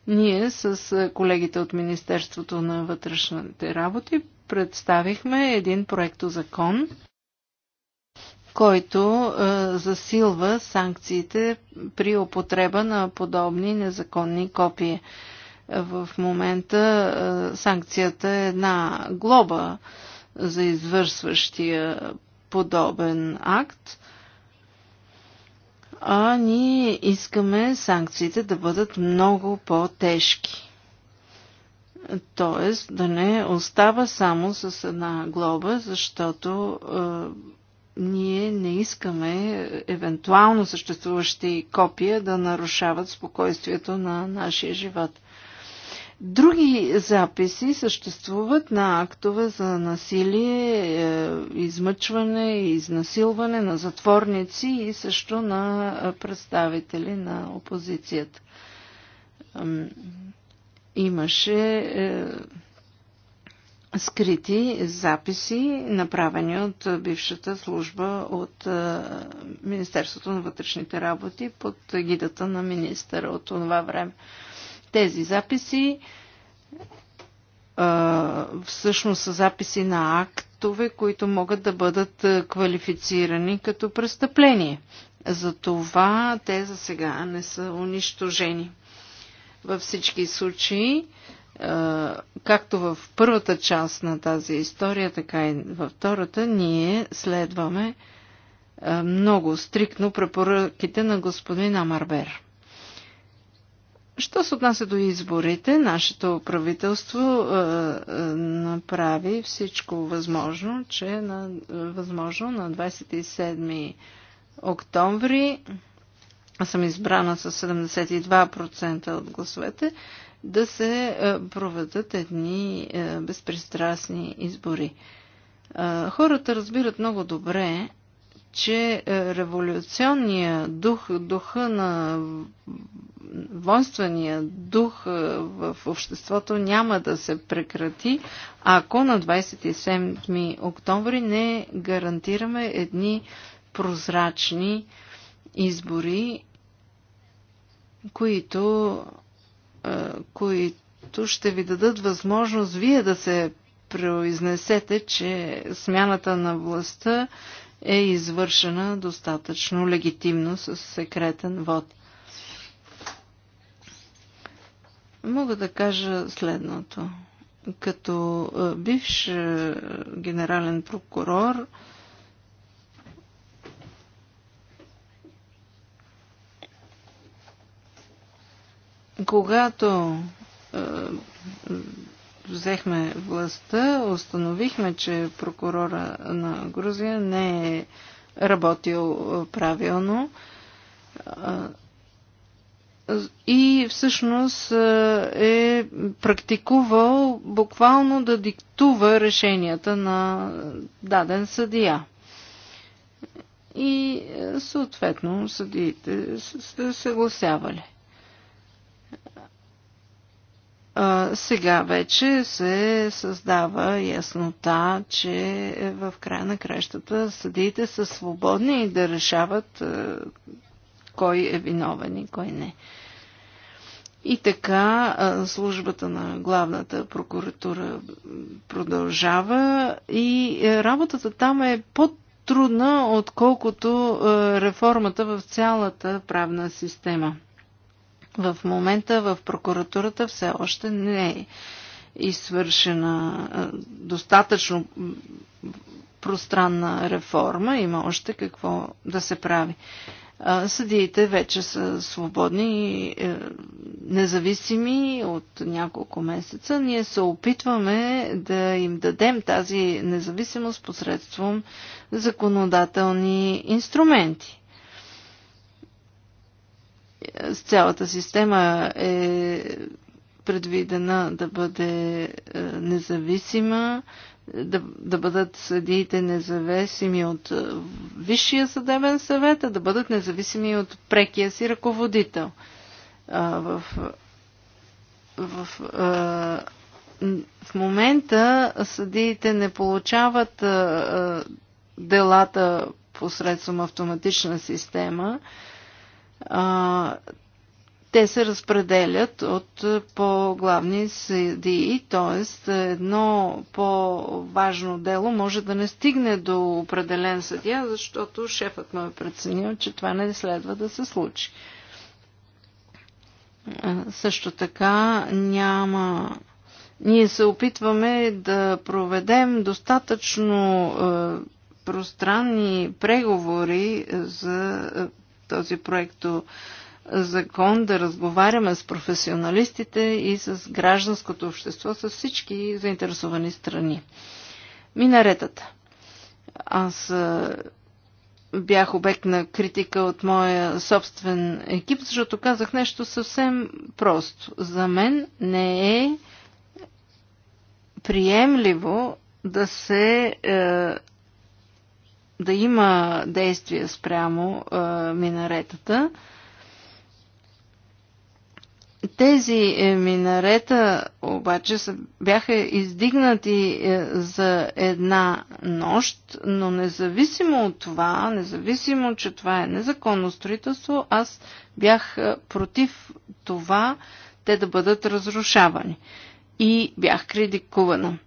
ние с колегите от Министерството на вътрешните работи представихме един проект закон, който засилва санкциите при употреба на подобни незаконни копия. В момента санкцията е една глоба за извършващия подобен акт, а ние искаме санкциите да бъдат много по-тежки. Тоест да не остава само с една глоба, защото е, ние не искаме евентуално съществуващи копия да нарушават спокойствието на нашия живот. Други записи съществуват на актове за насилие, е, измъчване и изнасилване на затворници и също на е, представители на опозицията. Имаше е, скрити записи, направени от бившата служба от Министерството на вътрешните работи под гидата на министъра от това време. Тези записи всъщност са записи на актове, които могат да бъдат квалифицирани като престъпление. Затова те за сега не са унищожени. Във всички случаи, както в първата част на тази история, така и във втората, ние следваме много стриктно препоръките на господин Амарбер. Що се отнася до изборите, нашето правителство е, е, направи всичко възможно, че на, е, възможно на 27 октомври, а съм избрана с 72% от гласовете, да се е, проведат едни е, безпристрастни избори. Е, хората разбират много добре, че е, революционния дух, духа на воинствения дух е, в обществото няма да се прекрати, ако на 27 октомври не гарантираме едни прозрачни избори, които, е, които ще ви дадат възможност вие да се произнесете, че смяната на властта е извършена достатъчно легитимно с секретен вод. Мога да кажа следното. Като е, бивш е, генерален прокурор, когато е, взехме властта, установихме, че прокурора на Грузия не е работил правилно. И всъщност е практикувал буквално да диктува решенията на даден съдия. И съответно съдиите са се съгласявали. сега вече се създава яснота, че в края на кращата съдиите са свободни и да решават е, кой е виновен и кой не. И така е, службата на главната прокуратура продължава и е, работата там е по-трудна, отколкото реформата в цялата правна система. В момента в прокуратурата все още не е извършена достатъчно пространна реформа. Има още какво да се прави. Съдиите вече са свободни и е, независими от няколко месеца. Ние се опитваме да им дадем тази независимост посредством законодателни инструменти цялата система е предвидена да бъде е, независима, да, да бъдат съдиите независими от е, Висшия съдебен съвет, а да бъдат независими от прекия си ръководител. А, в, в, а, е, в момента съдиите не получават а, делата посредством автоматична система, а, а, те се разпределят от е, по-главни съдии, т.е. едно по-важно дело може да не стигне до определен съдия, защото шефът му е преценил, че това не следва да се случи. Също така няма. Ние се опитваме да проведем достатъчно е, пространни преговори за е, този проекто закон, да разговаряме с професионалистите и с гражданското общество, с всички заинтересовани страни. Минаретата. Аз бях обект на критика от моя собствен екип, защото казах нещо съвсем просто. За мен не е приемливо да се е, да има действия спрямо а, минаретата. Тези е, минарета обаче са, бяха издигнати е, за една нощ, но независимо от това, независимо, че това е незаконно строителство, аз бях е, против това те да бъдат разрушавани. И бях критикувана.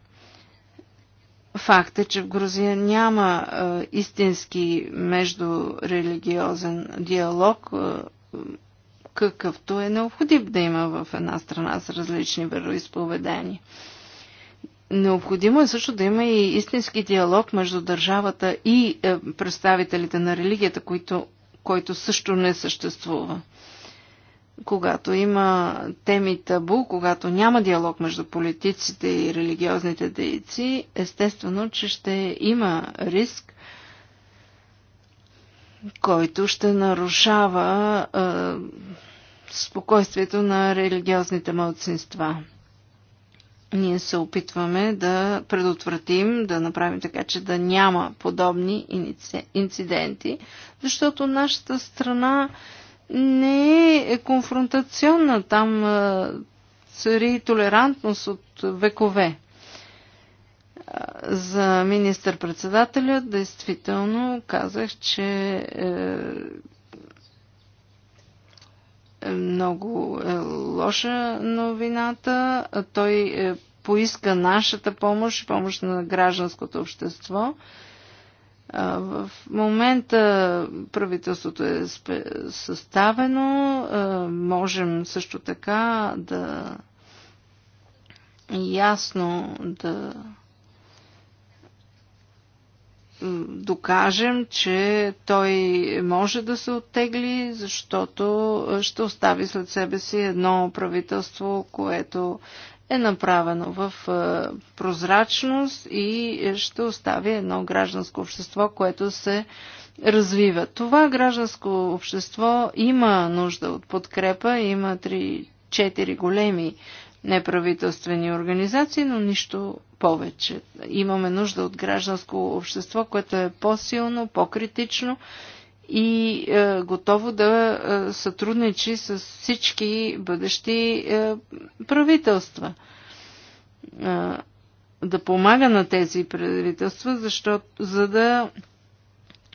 Факт е, че в Грузия няма а, е, истински междурелигиозен диалог, а, е, какъвто е необходим да има в една страна с различни вероисповедания. Необходимо е също да има и истински диалог между държавата и е, представителите на религията, които, който също не съществува когато има теми табу, когато няма диалог между политиците и религиозните дейци, естествено, че ще има риск, който ще нарушава е, спокойствието на религиозните младсинства. Ние се опитваме да предотвратим, да направим така, че да няма подобни инциденти, защото нашата страна е не е конфронтационна. Там цари толерантност от векове. За министър-председателя действително казах, че е, е много е лоша новината. Той е, поиска нашата помощ, помощ на гражданското общество. Е, в момента правителството е съставено. Можем също така да ясно да докажем, че той може да се оттегли, защото ще остави след себе си едно правителство, което е направено в е, прозрачност и ще остави едно гражданско общество, което се развива. Това гражданско общество има нужда от подкрепа, има 3-4 големи неправителствени организации, но нищо повече. Имаме нужда от гражданско общество, което е по-силно, по-критично и е, готово да е, сътрудничи с всички бъдещи е, правителства. Е, да помага на тези правителства, защото, за да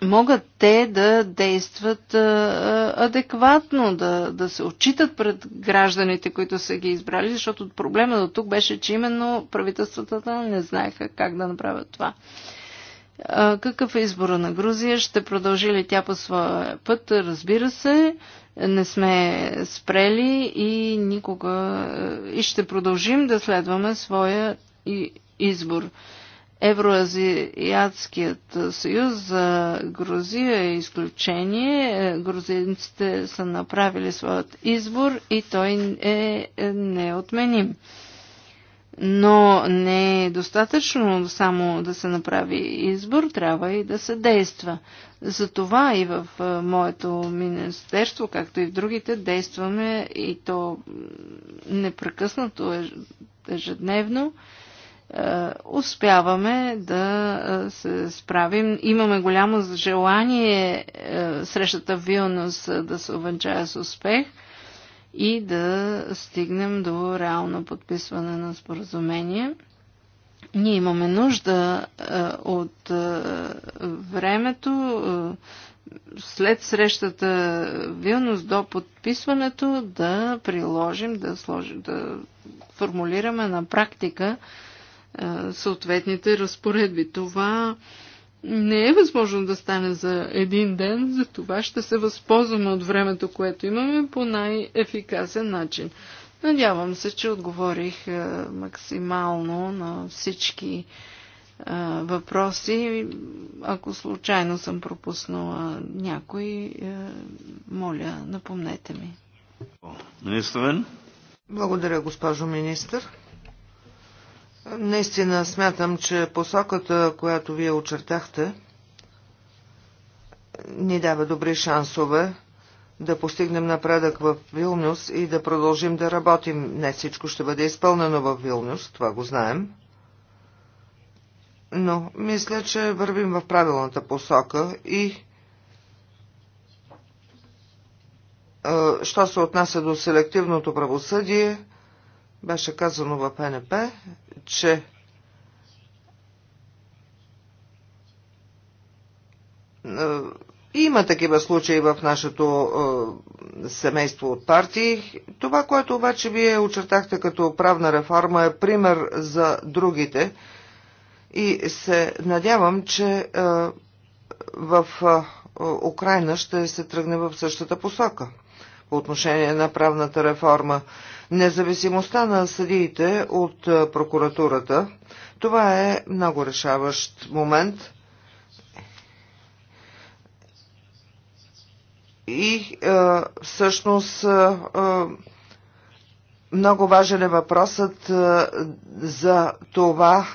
могат те да действат е, е, адекватно, да, да се отчитат пред гражданите, които са ги избрали, защото проблема до тук беше, че именно правителствата не знаеха как да направят това. Какъв е избора на Грузия? Ще продължи ли тя по своя път? Разбира се, не сме спрели и никога и ще продължим да следваме своя избор. Евроазиатският съюз за Грузия е изключение. Грузинците са направили своят избор и той е неотменим. Но не е достатъчно само да се направи избор, трябва и да се действа. Затова и в моето министерство, както и в другите, действаме и то непрекъснато, ежедневно. Успяваме да се справим. Имаме голямо желание срещата в Вилнус да се увенчае с успех – и да стигнем до реално подписване на споразумение. Ние имаме нужда е, от е, времето е, след срещата Вилнус до подписването да приложим, да, сложим, да формулираме на практика съответните разпоредби. Това не е възможно да стане за един ден, за това ще се възползваме от времето, което имаме по най-ефикасен начин. Надявам се, че отговорих е, максимално на всички е, въпроси. Ако случайно съм пропуснала някой, е, моля, напомнете ми. Благодаря, госпожо министър. Наистина смятам, че посоката, която вие очертахте, ни дава добри шансове да постигнем напредък в Вилнюс и да продължим да работим. Не всичко ще бъде изпълнено в Вилнюс, това го знаем. Но мисля, че вървим в правилната посока и що се отнася до селективното правосъдие, беше казано в НП, че е, има такива случаи в нашето е, семейство от партии. Това, което обаче вие очертахте като правна реформа е пример за другите. И се надявам, че е, в Украина ще се тръгне в същата посока по отношение на правната реформа. Независимостта на съдиите от прокуратурата, това е много решаващ момент. И е, всъщност е, много важен е въпросът за това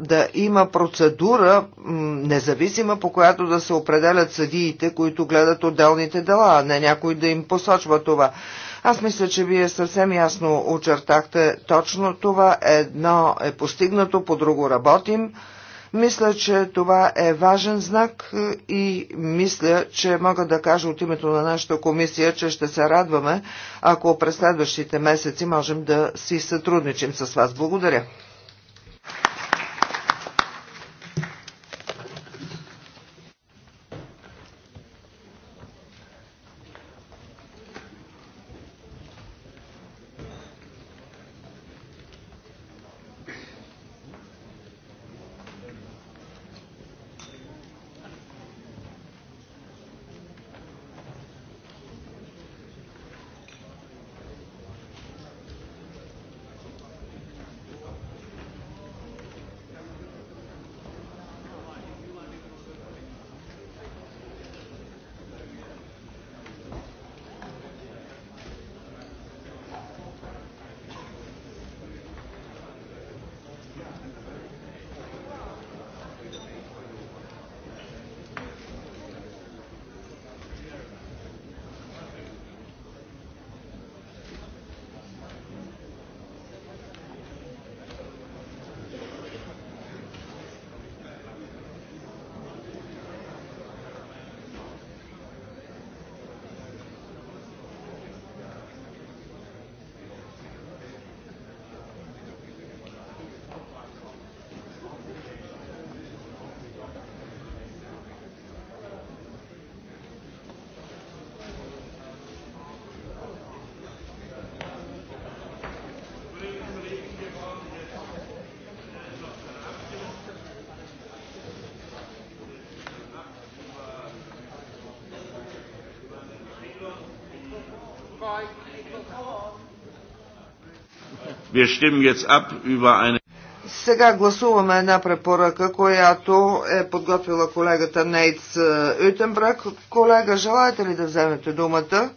да има процедура независима, по която да се определят съдиите, които гледат отделните дела, а не някой да им посочва това. Аз мисля, че вие съвсем ясно очертахте точно това. Едно е постигнато, по друго работим. Мисля, че това е важен знак и мисля, че мога да кажа от името на нашата комисия, че ще се радваме, ако през следващите месеци можем да си сътрудничим с вас. Благодаря. сега гласуваме една препоръка, която е подготвила колегата Нейтс Ютенбрак. Е, Колега, желаете ли да вземете думата?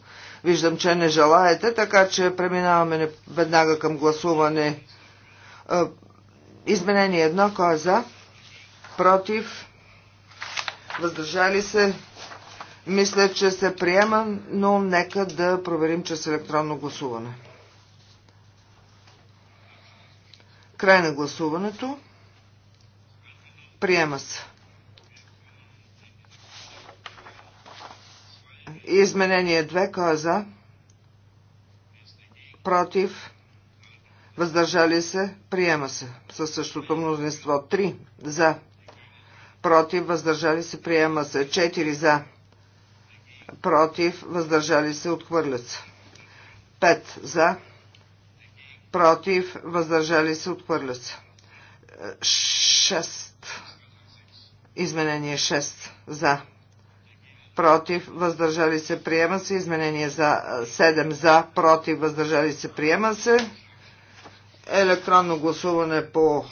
Виждам, че не желаете, така че преминаваме веднага към гласуване. Е, изменение едно, кой е за? Против? Въздържали се? Мисля, че се приема, но нека да проверим чрез електронно гласуване. Край на гласуването. Приема се. Изменение 2. Кой е за? Против. Въздържали се. Приема се. Със същото мнозинство. 3. За. Против. Въздържали се. Приема се. 4. За. Против. Въздържали се. Отхвърлят се. 5. За против, въздържали се, отхвърля се. 6. Изменение 6. За. Против, въздържали се, приема се. Изменение за 7. За. Против, въздържали се, приема се. Електронно гласуване по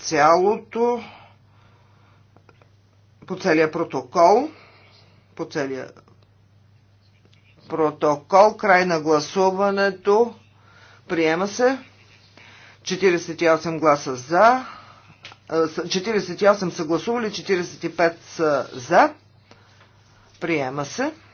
цялото, по целия протокол, по целия протокол, край на гласуването. Приема се. 48 гласа за. 48 е, са гласували, 45 са за. Приема се.